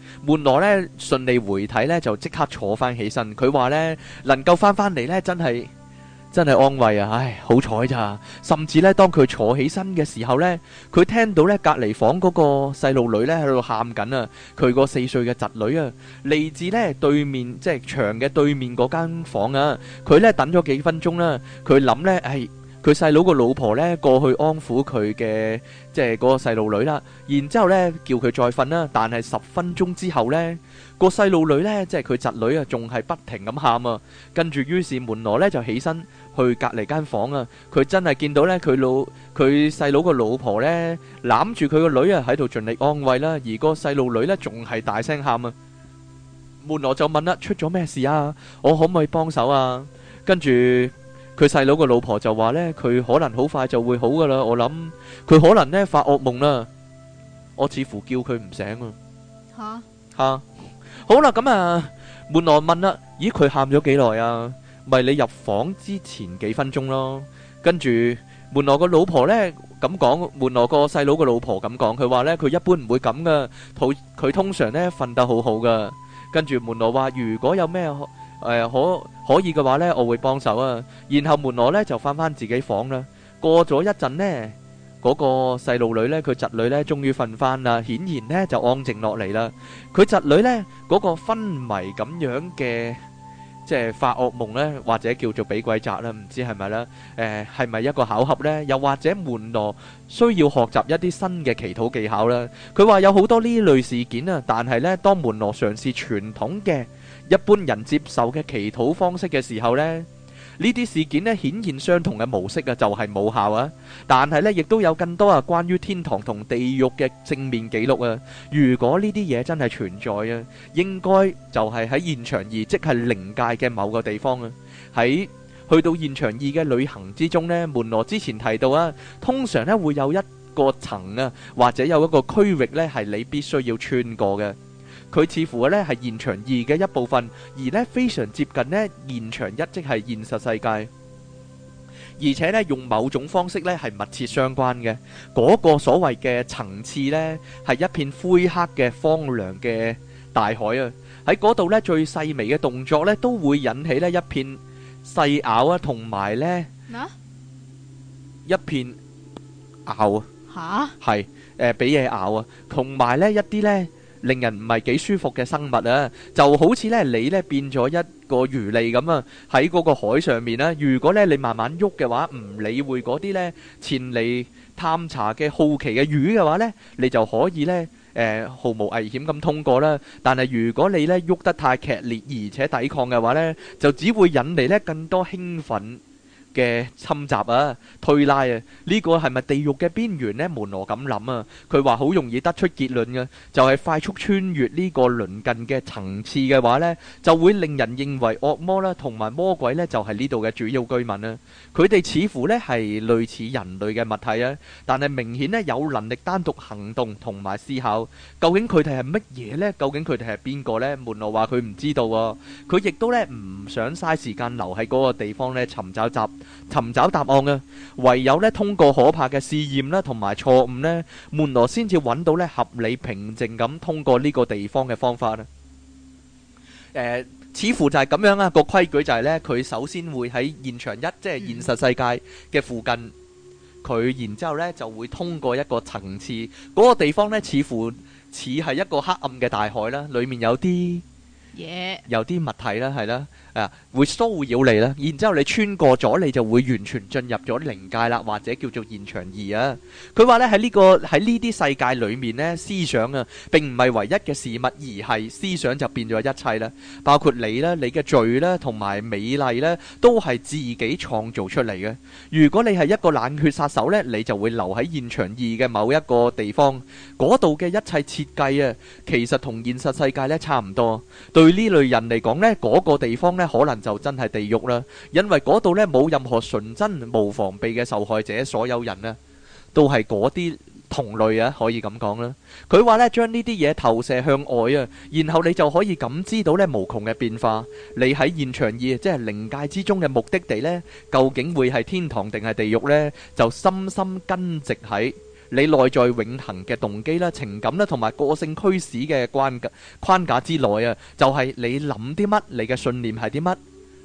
門羅咧順利回體咧就即刻坐翻起身，佢話咧能夠翻翻嚟咧真係真係安慰啊！唉，好彩咋！甚至咧當佢坐起身嘅時候咧，佢聽到咧隔籬房嗰個細路女咧喺度喊緊啊！佢個四歲嘅侄女啊，嚟自咧對面即係牆嘅對面嗰間房啊！佢咧等咗幾分鐘啦，佢諗咧係。佢細佬個老婆呢，過去安撫佢嘅即係嗰個細路女啦，然之後呢叫佢再瞓啦。但係十分鐘之後呢，個細路女呢，即係佢侄女啊，仲係不停咁喊啊。跟住於是門羅呢，就起身去隔籬間房啊。佢真係見到呢，佢老佢細佬個老婆呢，攬住佢個女啊喺度盡力安慰啦，啊，而個細路女呢，仲係大聲喊啊。門羅就問啦：出咗咩事啊？我可唔可以幫手啊？跟住。佢細佬個老婆就話咧，佢可能好快就會好噶啦。我諗佢可能咧發惡夢啦。我似乎叫佢唔醒啊。吓吓，好啦，咁啊，門羅問啦，咦，佢喊咗幾耐啊？咪你入房之前幾分鐘咯。跟住門羅個老婆咧咁講，門羅個細佬個老婆咁講，佢話咧佢一般唔會咁噶，佢佢通常咧瞓得好好噶。跟住門羅話，如果有咩誒可。可以嘅話呢，我會幫手啊。然後門羅呢就翻翻自己房啦。過咗一陣呢，嗰個細路女呢，佢侄女呢，終於瞓翻啦。顯然呢就安靜落嚟啦。佢侄女呢嗰個昏迷咁樣嘅，即係發惡夢呢，或者叫做俾鬼責啦，唔知係咪啦？誒，係咪一個巧合呢？又或者門羅需要學習一啲新嘅祈禱技巧啦？佢話有好多呢類事件啊，但係呢，當門羅嘗試傳統嘅。一般人接受嘅祈禱方式嘅時候呢，呢啲事件呢顯現相同嘅模式啊，就係冇效啊。但係呢，亦都有更多啊關於天堂同地獄嘅正面記錄啊。如果呢啲嘢真係存在啊，應該就係喺現場二即係靈界嘅某個地方啊。喺去到現場二嘅旅行之中呢，門羅之前提到啊，通常呢會有一個層啊，或者有一個區域呢係你必須要穿過嘅。佢似乎咧係現場二嘅一部分，而咧非常接近咧現場一，即係現實世界，而且咧用某種方式咧係密切相關嘅。嗰個所謂嘅層次咧係一片灰黑嘅荒涼嘅大海啊！喺嗰度咧最細微嘅動作咧都會引起咧一片細咬啊，同埋咧啊一片咬啊吓係誒俾嘢咬啊，同埋咧一啲咧。令人唔係幾舒服嘅生物啊，就好似咧你咧變咗一個魚脷咁啊，喺嗰個海上面咧、啊，如果咧你，你慢慢喐嘅話，唔理會嗰啲咧前嚟探查嘅好奇嘅魚嘅話咧，你就可以咧誒、呃、毫無危險咁通過啦。但係如果你咧喐得太劇烈而且抵抗嘅話咧，就只會引嚟咧更多興奮。嘅侵襲啊，推拉啊，呢個係咪地獄嘅邊緣咧？門羅咁諗啊，佢話好容易得出結論嘅，就係快速穿越呢個鄰近嘅層次嘅話咧，就會令人認為惡魔啦同埋魔鬼咧就係呢度嘅主要居民啊。佢哋似乎咧係類似人類嘅物體啊，但係明顯咧有能力單獨行動同埋思考。究竟佢哋係乜嘢咧？究竟佢哋係邊個咧？門羅話佢唔知道啊，佢亦都咧唔想嘥時間留喺嗰個地方咧尋找答案。尋找答案啊，唯有咧通過可怕嘅試驗啦，同埋錯誤呢，門羅先至揾到呢合理平靜咁通過呢個地方嘅方法咧、呃。似乎就係咁樣啊，個規矩就係呢，佢首先會喺現場一、嗯、即係現實世界嘅附近，佢然之後咧就會通過一個層次嗰、嗰個地方呢，似乎似係一個黑暗嘅大海啦，裏面有啲嘢，Yeah. 有啲物體啦，係啦。啊，會騷擾你啦，然之後你穿過咗，你就會完全進入咗靈界啦，或者叫做現場二啊。佢話咧喺呢個喺呢啲世界裏面呢，思想啊，並唔係唯一嘅事物而，而係思想就變咗一切啦。包括你咧，你嘅罪咧，同埋美麗呢，都係自己創造出嚟嘅。如果你係一個冷血殺手呢，你就會留喺現場二嘅某一個地方，嗰度嘅一切設計啊，其實同現實世界呢差唔多。對呢類人嚟講呢，嗰個地方咧可能就真係地獄啦，因為嗰度呢冇，任何純真無防備嘅受害者，所有人呢都係嗰啲同類啊，可以咁講啦。佢話呢，將呢啲嘢投射向外啊，然後你就可以感知到呢，無窮嘅變化。你喺現場二，即係靈界之中嘅目的地呢，究竟會係天堂定係地獄呢，就深深根植喺。你內在永恒嘅動機啦、情感啦，同埋個性驅使嘅框架框架之內啊，就係、是、你諗啲乜，你嘅信念係啲乜，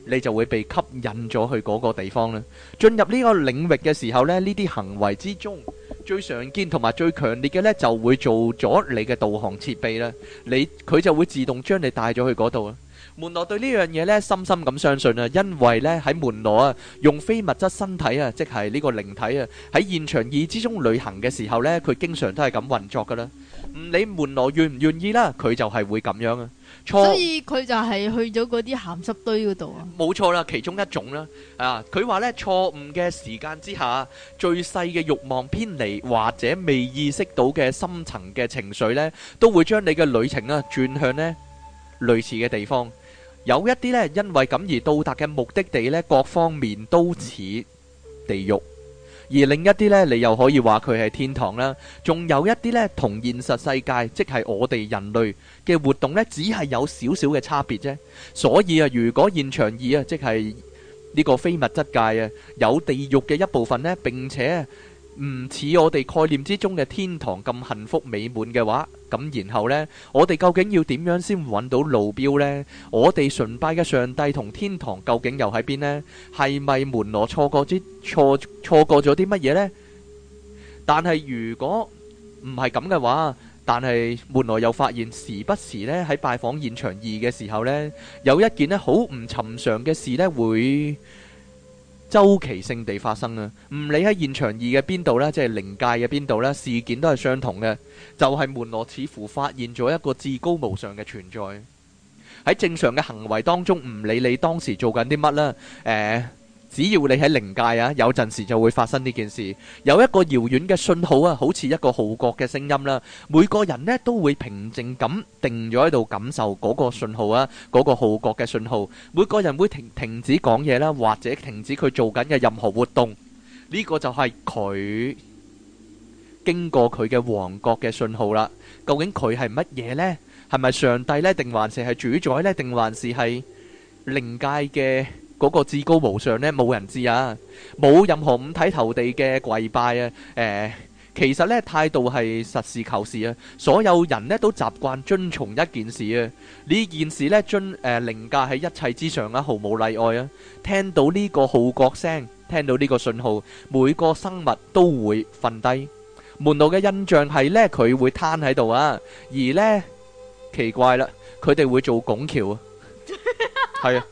你就會被吸引咗去嗰個地方咧。進入呢個領域嘅時候呢，呢啲行為之中最常見同埋最強烈嘅呢，就會做咗你嘅導航設備啦。你佢就會自動將你帶咗去嗰度啊。門羅對呢樣嘢咧深深咁相信啦，因為咧喺門羅啊用非物質身體啊，即係呢個靈體啊喺現場意之中旅行嘅時候咧，佢經常都係咁運作噶啦。唔理門羅願唔願意啦，佢就係會咁樣啊。錯，所以佢就係去咗嗰啲鹹濕堆嗰度啊。冇錯啦，其中一種啦。啊，佢話咧錯誤嘅時間之下，最細嘅欲望偏離或者未意識到嘅深層嘅情緒咧，都會將你嘅旅程啊轉向咧類似嘅地方。有一啲呢，因為咁而到達嘅目的地呢，各方面都似地獄；而另一啲呢，你又可以話佢係天堂啦。仲有一啲呢，同現實世界，即係我哋人類嘅活動呢，只係有少少嘅差別啫。所以啊，如果現場二啊，即係呢個非物質界啊，有地獄嘅一部分呢，並且、啊。唔似我哋概念之中嘅天堂咁幸福美滿嘅話，咁然後咧，我哋究竟要點樣先揾到路標咧？我哋崇拜嘅上帝同天堂究竟又喺邊咧？係咪門羅錯過之錯錯過咗啲乜嘢咧？但係如果唔係咁嘅話，但係門羅又發現時不時咧，喺拜訪現場二嘅時候咧，有一件咧好唔尋常嘅事咧會。周期性地發生啊！唔理喺現場二嘅邊度咧，即係靈界嘅邊度咧，事件都係相同嘅，就係門羅似乎發現咗一個至高無上嘅存在喺正常嘅行為當中，唔理你當時做緊啲乜啦，誒。只要你喺靈界啊，有陣時就會發生呢件事。有一個遙遠嘅信號啊，好似一個號角嘅聲音啦。每個人咧都會平靜咁定咗喺度感受嗰個信號啊，嗰個號角嘅信號。每個人會停停止講嘢啦，或者停止佢做緊嘅任何活動。呢個就係佢經過佢嘅王國嘅信號啦。究竟佢係乜嘢咧？係咪上帝咧？定還是係主宰咧？定還是係靈界嘅？嗰個至高無上呢，冇人知啊，冇任何五體投地嘅跪拜啊，誒、呃，其實呢，態度係實事求是啊，所有人呢都習慣遵從一件事啊，呢件事呢，遵誒、呃、凌駕喺一切之上啊，毫無例外啊，聽到呢個號角聲，聽到呢個信號，每個生物都會瞓低。門羅嘅印象係呢，佢會攤喺度啊，而呢，奇怪啦，佢哋會做拱橋 [laughs] [laughs] 啊，係啊。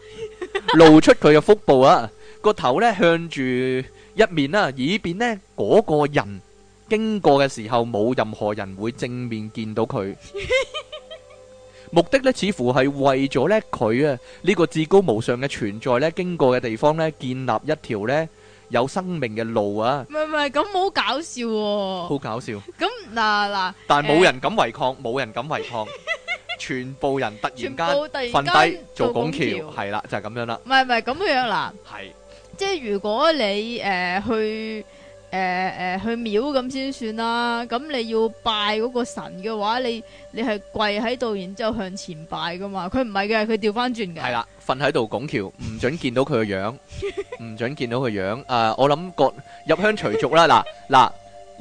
露出佢嘅腹部啊，個頭咧向住一面啦，以便咧嗰個人經過嘅時候冇任何人會正面見到佢。目的咧似乎係為咗咧佢啊呢個至高無上嘅存在咧經過嘅地方咧建立一條咧有生命嘅路啊！唔係，唔係，咁好搞笑喎！好搞笑！咁嗱嗱，但係冇人敢違抗，冇人敢違抗。全部人突然間瞓低做拱橋，係啦， [noise] [noise] 就係、是、咁樣啦。唔係唔係咁樣嗱，係即係如果你誒、呃、去誒誒、呃呃、去廟咁先算啦。咁、嗯、你要拜嗰個神嘅話，你你係跪喺度，然之後向前拜噶嘛。佢唔係嘅，佢調翻轉嘅。係啦，瞓喺度拱橋，唔 [laughs] 准見到佢個樣，唔 [laughs] 准見到佢樣。誒、呃，我諗各入鄉隨俗啦。嗱嗱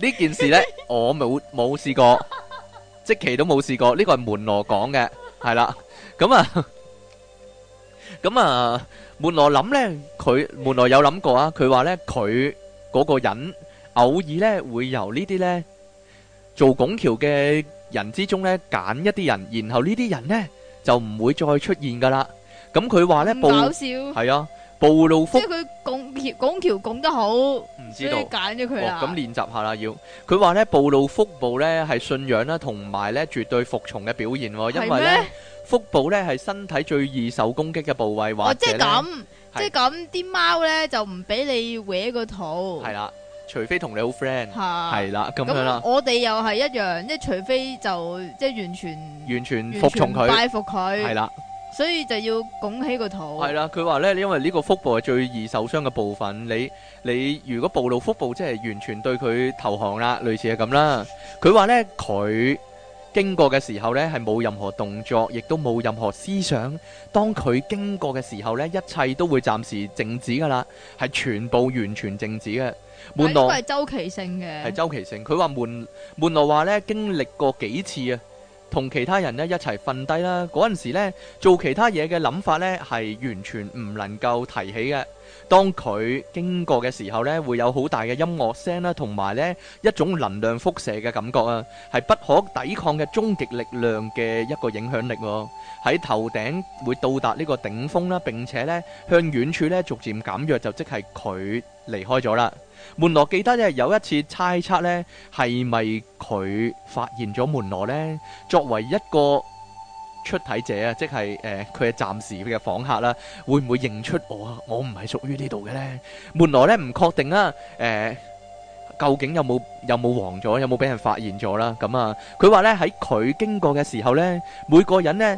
呢件事咧，我冇冇試過。 [laughs] [laughs] [noise] 即期都冇試過，呢個係門羅講嘅，係啦。咁啊，咁啊，門羅諗咧，佢門羅有諗過啊。佢話咧，佢嗰個人偶爾咧會由呢啲咧做拱橋嘅人之中咧揀一啲人，然後呢啲人咧就唔會再出現噶啦。咁佢話咧，報笑係啊。暴露腹，即係佢拱橋拱橋拱得好，所以揀咗佢啦。哦，咁練習下啦，要佢話咧暴露腹部咧係信仰啦，同埋咧絕對服從嘅表現。係咩？因為咧腹部咧係身體最易受攻擊嘅部位，或者咧。哦，即係咁，即係咁，啲貓咧就唔俾你搲個肚。係啦，除非同你好 friend。係。係啦，咁樣啦。咁我哋又係一樣，即係除非就即係完全完全服從佢，拜服佢。係啦。所以就要拱起個肚。係啦，佢話呢，因為呢個腹部係最易受傷嘅部分，你你如果暴露腹部，即係完全對佢投降啦，類似係咁啦。佢話呢，佢經過嘅時候呢，係冇任何動作，亦都冇任何思想。當佢經過嘅時候呢，一切都會暫時靜止噶啦，係全部完全靜止嘅。門羅係周期性嘅，係周期性。佢話門門羅話咧，經歷過幾次啊？同其他人咧一齊瞓低啦，嗰陣時咧做其他嘢嘅諗法呢，係完全唔能夠提起嘅。當佢經過嘅時候呢，會有好大嘅音樂聲啦，同埋呢一種能量輻射嘅感覺啊，係不可抵抗嘅終極力量嘅一個影響力喎。喺頭頂會到達呢個頂峰啦，並且呢向遠處呢，逐漸減弱，就即係佢離開咗啦。門羅記得咧有一次猜測呢係咪佢發現咗門羅呢？作為一個出體者啊，即係誒，佢係暫時嘅訪客啦，會唔會認出我啊？我唔係屬於呢度嘅呢？門羅呢唔確定啊，誒、呃，究竟有冇有冇黃咗，有冇俾人發現咗啦？咁啊，佢話呢，喺佢經過嘅時候呢，每個人呢。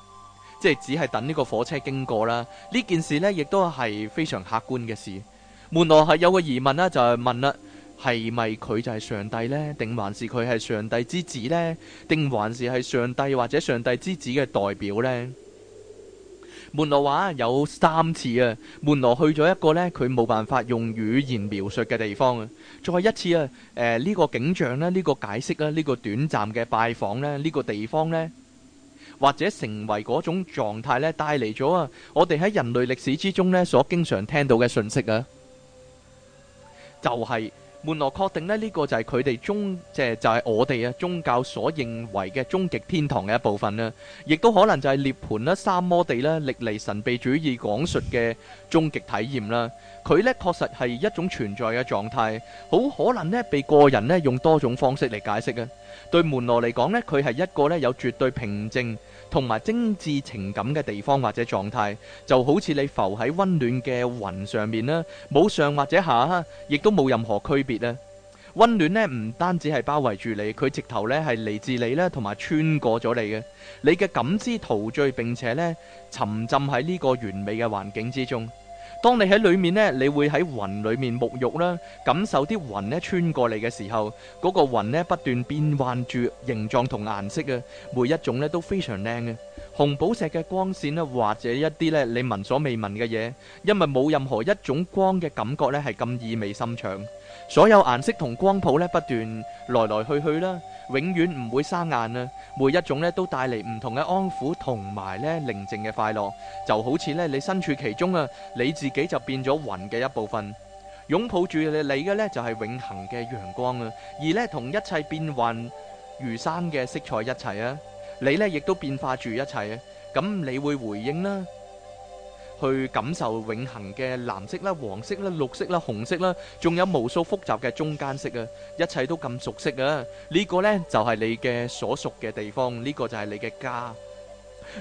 即係只係等呢個火車經過啦，呢件事呢，亦都係非常客觀嘅事。門羅係有個疑問啦，就係問啦，係咪佢就係上帝呢？定還是佢係上帝之子呢？定還是係上帝或者上帝之子嘅代表呢？門羅話有三次啊，門羅去咗一個呢，佢冇辦法用語言描述嘅地方啊。再一次啊，誒，呢個景象呢，呢個解釋呢，呢個短暫嘅拜訪呢，呢個地方呢。或者成為嗰種狀態咧，帶嚟咗啊！我哋喺人類歷史之中咧，所經常聽到嘅信息啊，就係門羅確定呢，呢個就係佢哋終，即係就係我哋啊宗教所認為嘅終極天堂嘅一部分啦，亦都可能就係涅槃啦、三摩地啦、歷來神秘主義講述嘅終極體驗啦。佢咧確實係一種存在嘅狀態，好可能呢被個人咧用多種方式嚟解釋啊。對門羅嚟講呢，佢係一個呢有絕對平靜。同埋精緻情感嘅地方或者狀態，就好似你浮喺温暖嘅雲上面啦，冇上或者下，亦都冇任何區別啦。温暖呢，唔單止係包圍住你，佢直頭呢係嚟自你啦，同埋穿過咗你嘅，你嘅感知陶醉並且呢沉浸喺呢個完美嘅環境之中。當你喺裏面呢，你會喺雲裏面沐浴啦，感受啲雲呢穿過嚟嘅時候，嗰個雲咧不斷變幻住形狀同顏色啊，每一種呢都非常靚嘅紅寶石嘅光線咧，或者一啲呢你聞所未聞嘅嘢，因為冇任何一種光嘅感覺呢係咁意味深長。所有顏色同光譜咧不斷來來去去啦，永遠唔會生眼啊！每一種咧都帶嚟唔同嘅安撫同埋咧寧靜嘅快樂，就好似咧你身處其中啊，你自己就變咗雲嘅一部分，擁抱住你嘅咧就係永恒嘅陽光啊！而咧同一切變幻如山嘅色彩一齊啊，你咧亦都變化住一切啊！咁你會回應啦。去感受永恒嘅藍色啦、黃色啦、綠色啦、紅色啦，仲有無數複雜嘅中間色啊！一切都咁熟悉啊！呢個呢就係你嘅所屬嘅地方，呢個就係你嘅家。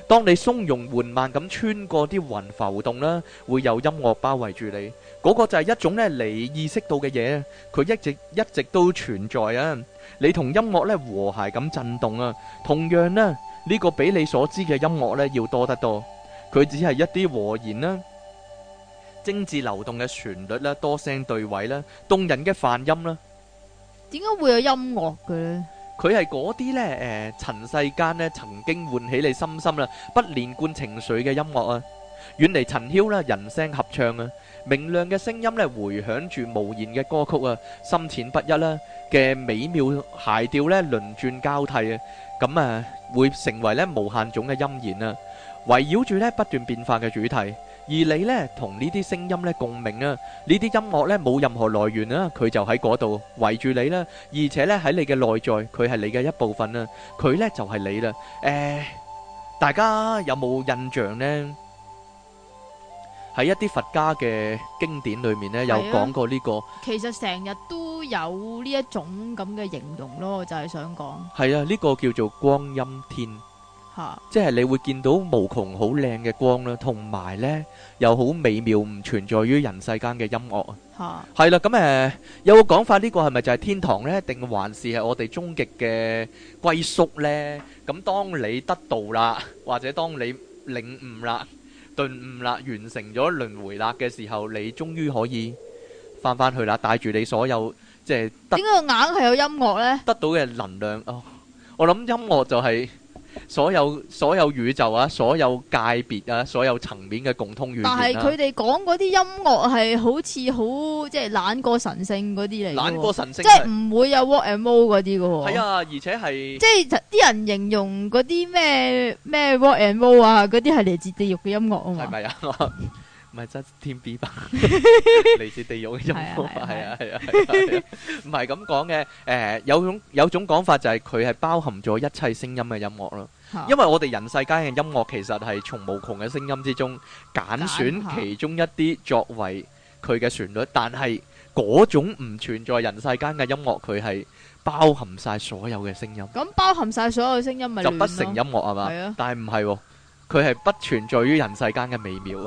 當你鬆容緩慢咁穿過啲雲浮動啦，會有音樂包圍住你。嗰個就係一種呢你意識到嘅嘢，佢一直一直都存在啊！你同音樂呢和諧咁震動啊！同樣呢呢個比你所知嘅音樂呢要多得多。佢只係一啲和弦啦，精緻流動嘅旋律啦，多聲對位啦，動人嘅泛音啦。點解會有音樂嘅？佢係嗰啲咧，誒，塵世間咧，曾經喚起你心心啦，不連貫情緒嘅音樂啊，遠離塵囂啦，人聲合唱啊，明亮嘅聲音咧，回響住無言嘅歌曲啊，深淺不一啦嘅美妙諧調咧，輪轉交替啊，咁啊，會成為咧無限種嘅音弦啦。圍繞住咧不斷變化嘅主題，而你呢，同呢啲聲音咧共鳴啊！呢啲音樂咧冇任何來源啊，佢就喺嗰度圍住你啦，而且呢，喺你嘅內在，佢係你嘅一部分啦，佢呢，就係、是、你啦。誒、哎，大家有冇印象呢？喺一啲佛家嘅經典裏面呢、啊、有講過呢、呢個。其實成日都有呢一種咁嘅形容咯，我就係想講。係啊，呢、呢個叫做光音天。吓，即係你會見到無窮好靚嘅光啦，同埋咧又好美妙唔存在於人世間嘅音樂。吓，係啦，咁誒有個講法，呢個係咪就係天堂咧？定還是係我哋終極嘅歸宿咧？咁當你得到啦，或者當你領悟啦、頓悟啦、完成咗輪迴啦嘅時候，你終於可以翻翻去啦，帶住你所有即係得。點解個硬係有音樂咧？得到嘅能量哦，我諗音樂就係。所有所有宇宙啊，所有界別啊，所有層面嘅共通語言啊，但係佢哋講嗰啲音樂係好似好即係懶過神聖嗰啲嚟，懶過神聖，即係唔會有 rock and roll 嗰啲噶喎。係啊，而且係即係啲人形容嗰啲咩咩 rock and roll 啊，嗰啲係嚟自地獄嘅音樂啊嘛。係咪啊？ [laughs] 唔係質天啲吧，嚟自 [laughs] 地獄嘅音樂，係啊係啊係啊，唔係咁講嘅。誒、啊 [laughs] 呃、有種有種講法就係佢係包含咗一切聲音嘅音樂咯。啊、因為我哋人世間嘅音樂其實係從無窮嘅聲音之中揀選其中一啲作為佢嘅旋律，但係嗰種唔存在人世間嘅音樂，佢係包含晒所有嘅聲音。咁、啊、包含晒所有嘅聲音咪就不成音樂係嘛？啊啊、但係唔係喎？佢係不存在於人世間嘅美妙，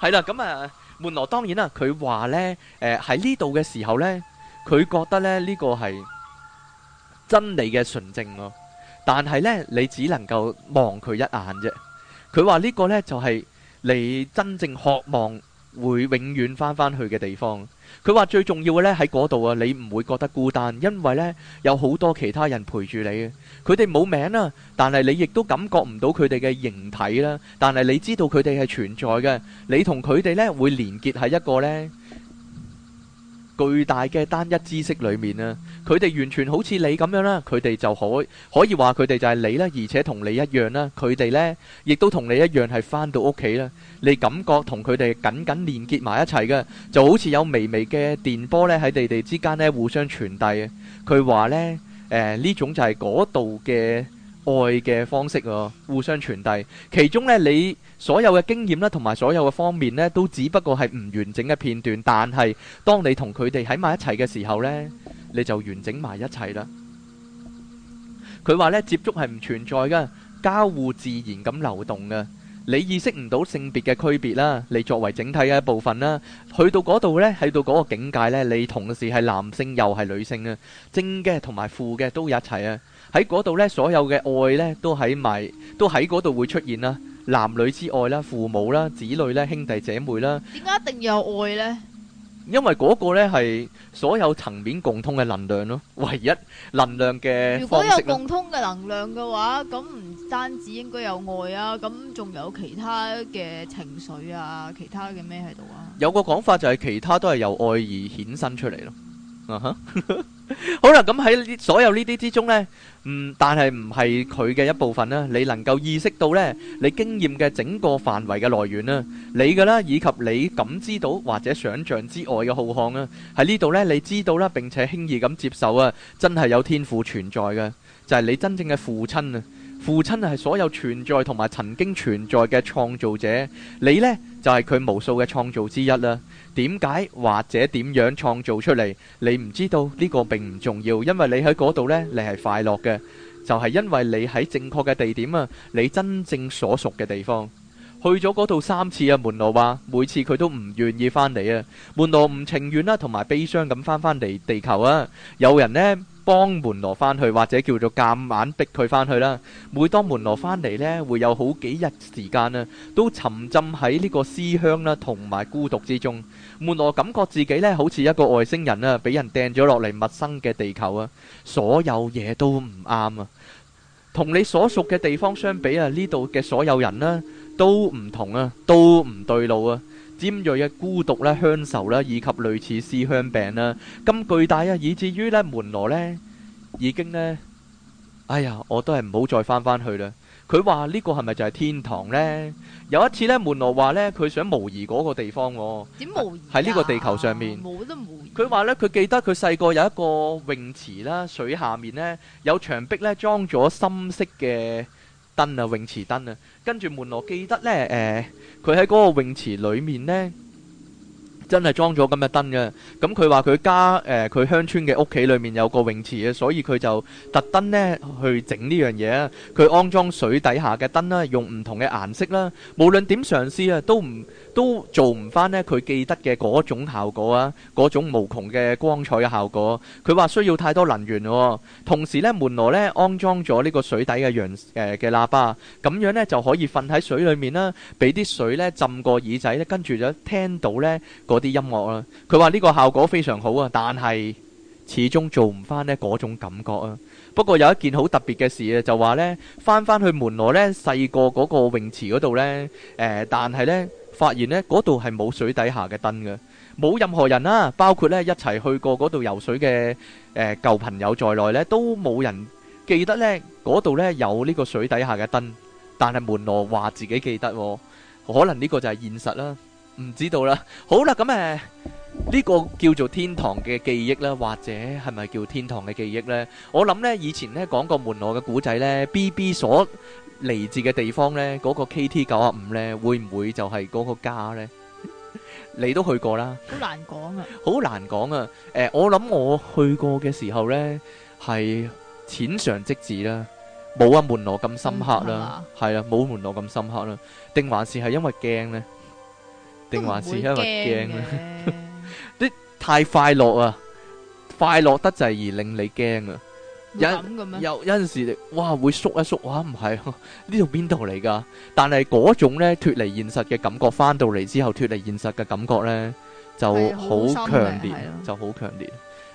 係 [laughs] 啦，咁啊，門羅當然啦，佢話呢，誒，喺呢度嘅時候呢，佢覺得咧呢、這個係真理嘅純正、哦。咯，但係呢，你只能夠望佢一眼啫。佢話呢個呢，就係、是、你真正渴望會永遠返返去嘅地方。佢話最重要嘅呢，喺嗰度啊，你唔會覺得孤單，因為呢，有好多其他人陪住你嘅。佢哋冇名啊，但係你亦都感覺唔到佢哋嘅形體啦。但係你知道佢哋係存在嘅，你同佢哋呢，會連結喺一個呢。巨大嘅單一知識裏面啦，佢哋完全好似你咁樣啦，佢哋就可可以話佢哋就係你啦，而且同你一樣啦，佢哋咧亦都同你一樣係返到屋企啦，你感覺同佢哋緊緊連結埋一齊嘅，就好似有微微嘅電波咧喺你哋之間咧互相傳遞。佢話咧，誒呢種就係嗰度嘅。愛嘅方式，互相傳遞。其中咧，你所有嘅經驗咧，同埋所有嘅方面咧，都只不過係唔完整嘅片段。但係，當你同佢哋喺埋一齊嘅時候咧，你就完整埋一齊啦。佢話咧，接觸係唔存在噶，交互自然咁流動噶。你意識唔到性別嘅區別啦，你作為整體嘅一部分啦。去到嗰度咧，去到嗰個境界咧，你同時係男性又係女性啊，正嘅同埋負嘅都一齊啊。喺嗰度咧，所有嘅愛咧都喺埋，都喺嗰度會出現啦。男女之愛啦，父母啦，子女啦，兄弟姐妹啦。點解一定要有愛咧？因為嗰個咧係所有層面共通嘅能量咯，唯一能量嘅。如果有共通嘅能量嘅話，咁唔單止應該有愛啊，咁仲有其他嘅情緒啊，其他嘅咩喺度啊？有個講法就係其他都係由愛而衍生出嚟咯。嗯、uh huh. [laughs] 好啦，咁喺所有呢啲之中呢，嗯，但係唔係佢嘅一部分啦、啊。你能夠意識到呢，你經驗嘅整個範圍嘅來源啦、啊，你嘅啦，以及你感知到或者想象之外嘅浩瀚啊，喺呢度呢，你知道啦，並且輕易咁接受啊，真係有天父存在嘅，就係、是、你真正嘅父親啊，父親啊係所有存在同埋曾經存在嘅創造者，你呢，就係、是、佢無數嘅創造之一啦、啊。點解或者點樣創造出嚟？你唔知道呢個並唔重要，因為你喺嗰度呢，你係快樂嘅，就係因為你喺正確嘅地點啊，你真正所屬嘅地方。去咗嗰度三次啊，門羅話，每次佢都唔願意返嚟啊，門羅唔情願啦，同埋悲傷咁返返嚟地球啊，有人呢。幫門羅返去，或者叫做夾晚逼佢返去啦。每當門羅返嚟呢，會有好幾日時間啊，都沉浸喺呢個思鄉啦同埋孤獨之中。門羅感覺自己呢好似一個外星人啊，俾人掟咗落嚟陌生嘅地球啊，所有嘢都唔啱啊，同你所屬嘅地方相比啊，呢度嘅所有人呢都唔同啊，都唔對路啊。尖銳嘅孤獨咧，鄉愁咧，以及類似思鄉病咧，咁巨大啊，以至於咧門羅咧已經咧，哎呀，我都係唔好再翻返去啦。佢話呢個係咪就係天堂咧？有一次咧，門羅話咧，佢想模擬嗰個地方，點模擬？喺呢個地球上面，冇得模擬。佢話咧，佢記得佢細個有一個泳池啦，水下面咧有牆壁咧裝咗深色嘅燈啊，泳池燈啊。跟住門羅記得呢，誒、呃，佢喺嗰個泳池裏面呢，真係裝咗咁嘅燈嘅。咁佢話佢家誒佢、呃、鄉村嘅屋企裏面有個泳池嘅，所以佢就特登呢去整呢樣嘢啊！佢安裝水底下嘅燈啦，用唔同嘅顏色啦，無論點嘗試啊，都唔～都做唔翻呢，佢記得嘅嗰種效果啊，嗰種無窮嘅光彩嘅效果。佢話需要太多能源喎、啊。同時呢，門羅呢，安裝咗呢個水底嘅揚誒嘅喇叭，咁樣呢，就可以瞓喺水裡面啦、啊，俾啲水呢浸過耳仔呢，跟住就聽到呢嗰啲音樂啦、啊。佢話呢個效果非常好啊，但係始終做唔翻呢嗰種感覺啊。不過有一件好特別嘅事啊，就話呢，翻翻去門羅呢細個嗰個泳池嗰度呢，誒、呃，但係呢。發現咧，嗰度係冇水底下嘅燈嘅，冇任何人啦，包括咧一齊去過嗰度游水嘅誒舊朋友在內咧，都冇人記得咧嗰度咧有呢個水底下嘅燈，但係門羅話自己記得，可能呢個就係現實啦，唔知道啦。好啦，咁誒呢個叫做天堂嘅記憶咧，或者係咪叫天堂嘅記憶咧？我諗咧以前咧講過門羅嘅古仔咧，B B 所。嚟自嘅地方咧，嗰個 KT 九啊五咧，會唔會就係嗰個家咧？你都去過啦，好難講啊！好難講啊！誒，我諗我去過嘅時候咧，係淺嘗即止啦，冇啊門羅咁深刻啦，係啊，冇門羅咁深刻啦，定還是係因為驚咧？定還是因為驚咧？啲太快樂啊！快樂得滯而令你驚啊！有有陣時時，哇！會縮一縮，哇！唔係，呢度邊度嚟噶？但係嗰種咧脫離現實嘅感覺，翻到嚟之後脫離現實嘅感覺咧，就好強烈，就好強烈。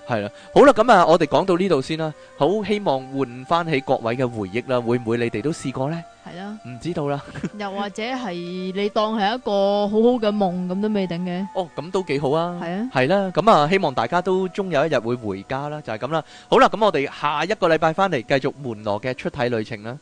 係啦，好啦，咁啊，我哋講到呢度先啦，好希望喚翻起各位嘅回憶啦，會唔會你哋都試過呢？係咯，唔知道啦。又或者係你當係一個好好嘅夢咁都未定嘅。哦，咁都幾好啊。係啊。係啦，咁啊，希望大家都終有一日會回家啦，就係咁啦。好啦，咁我哋下一個禮拜翻嚟繼續門羅嘅出體旅程啦。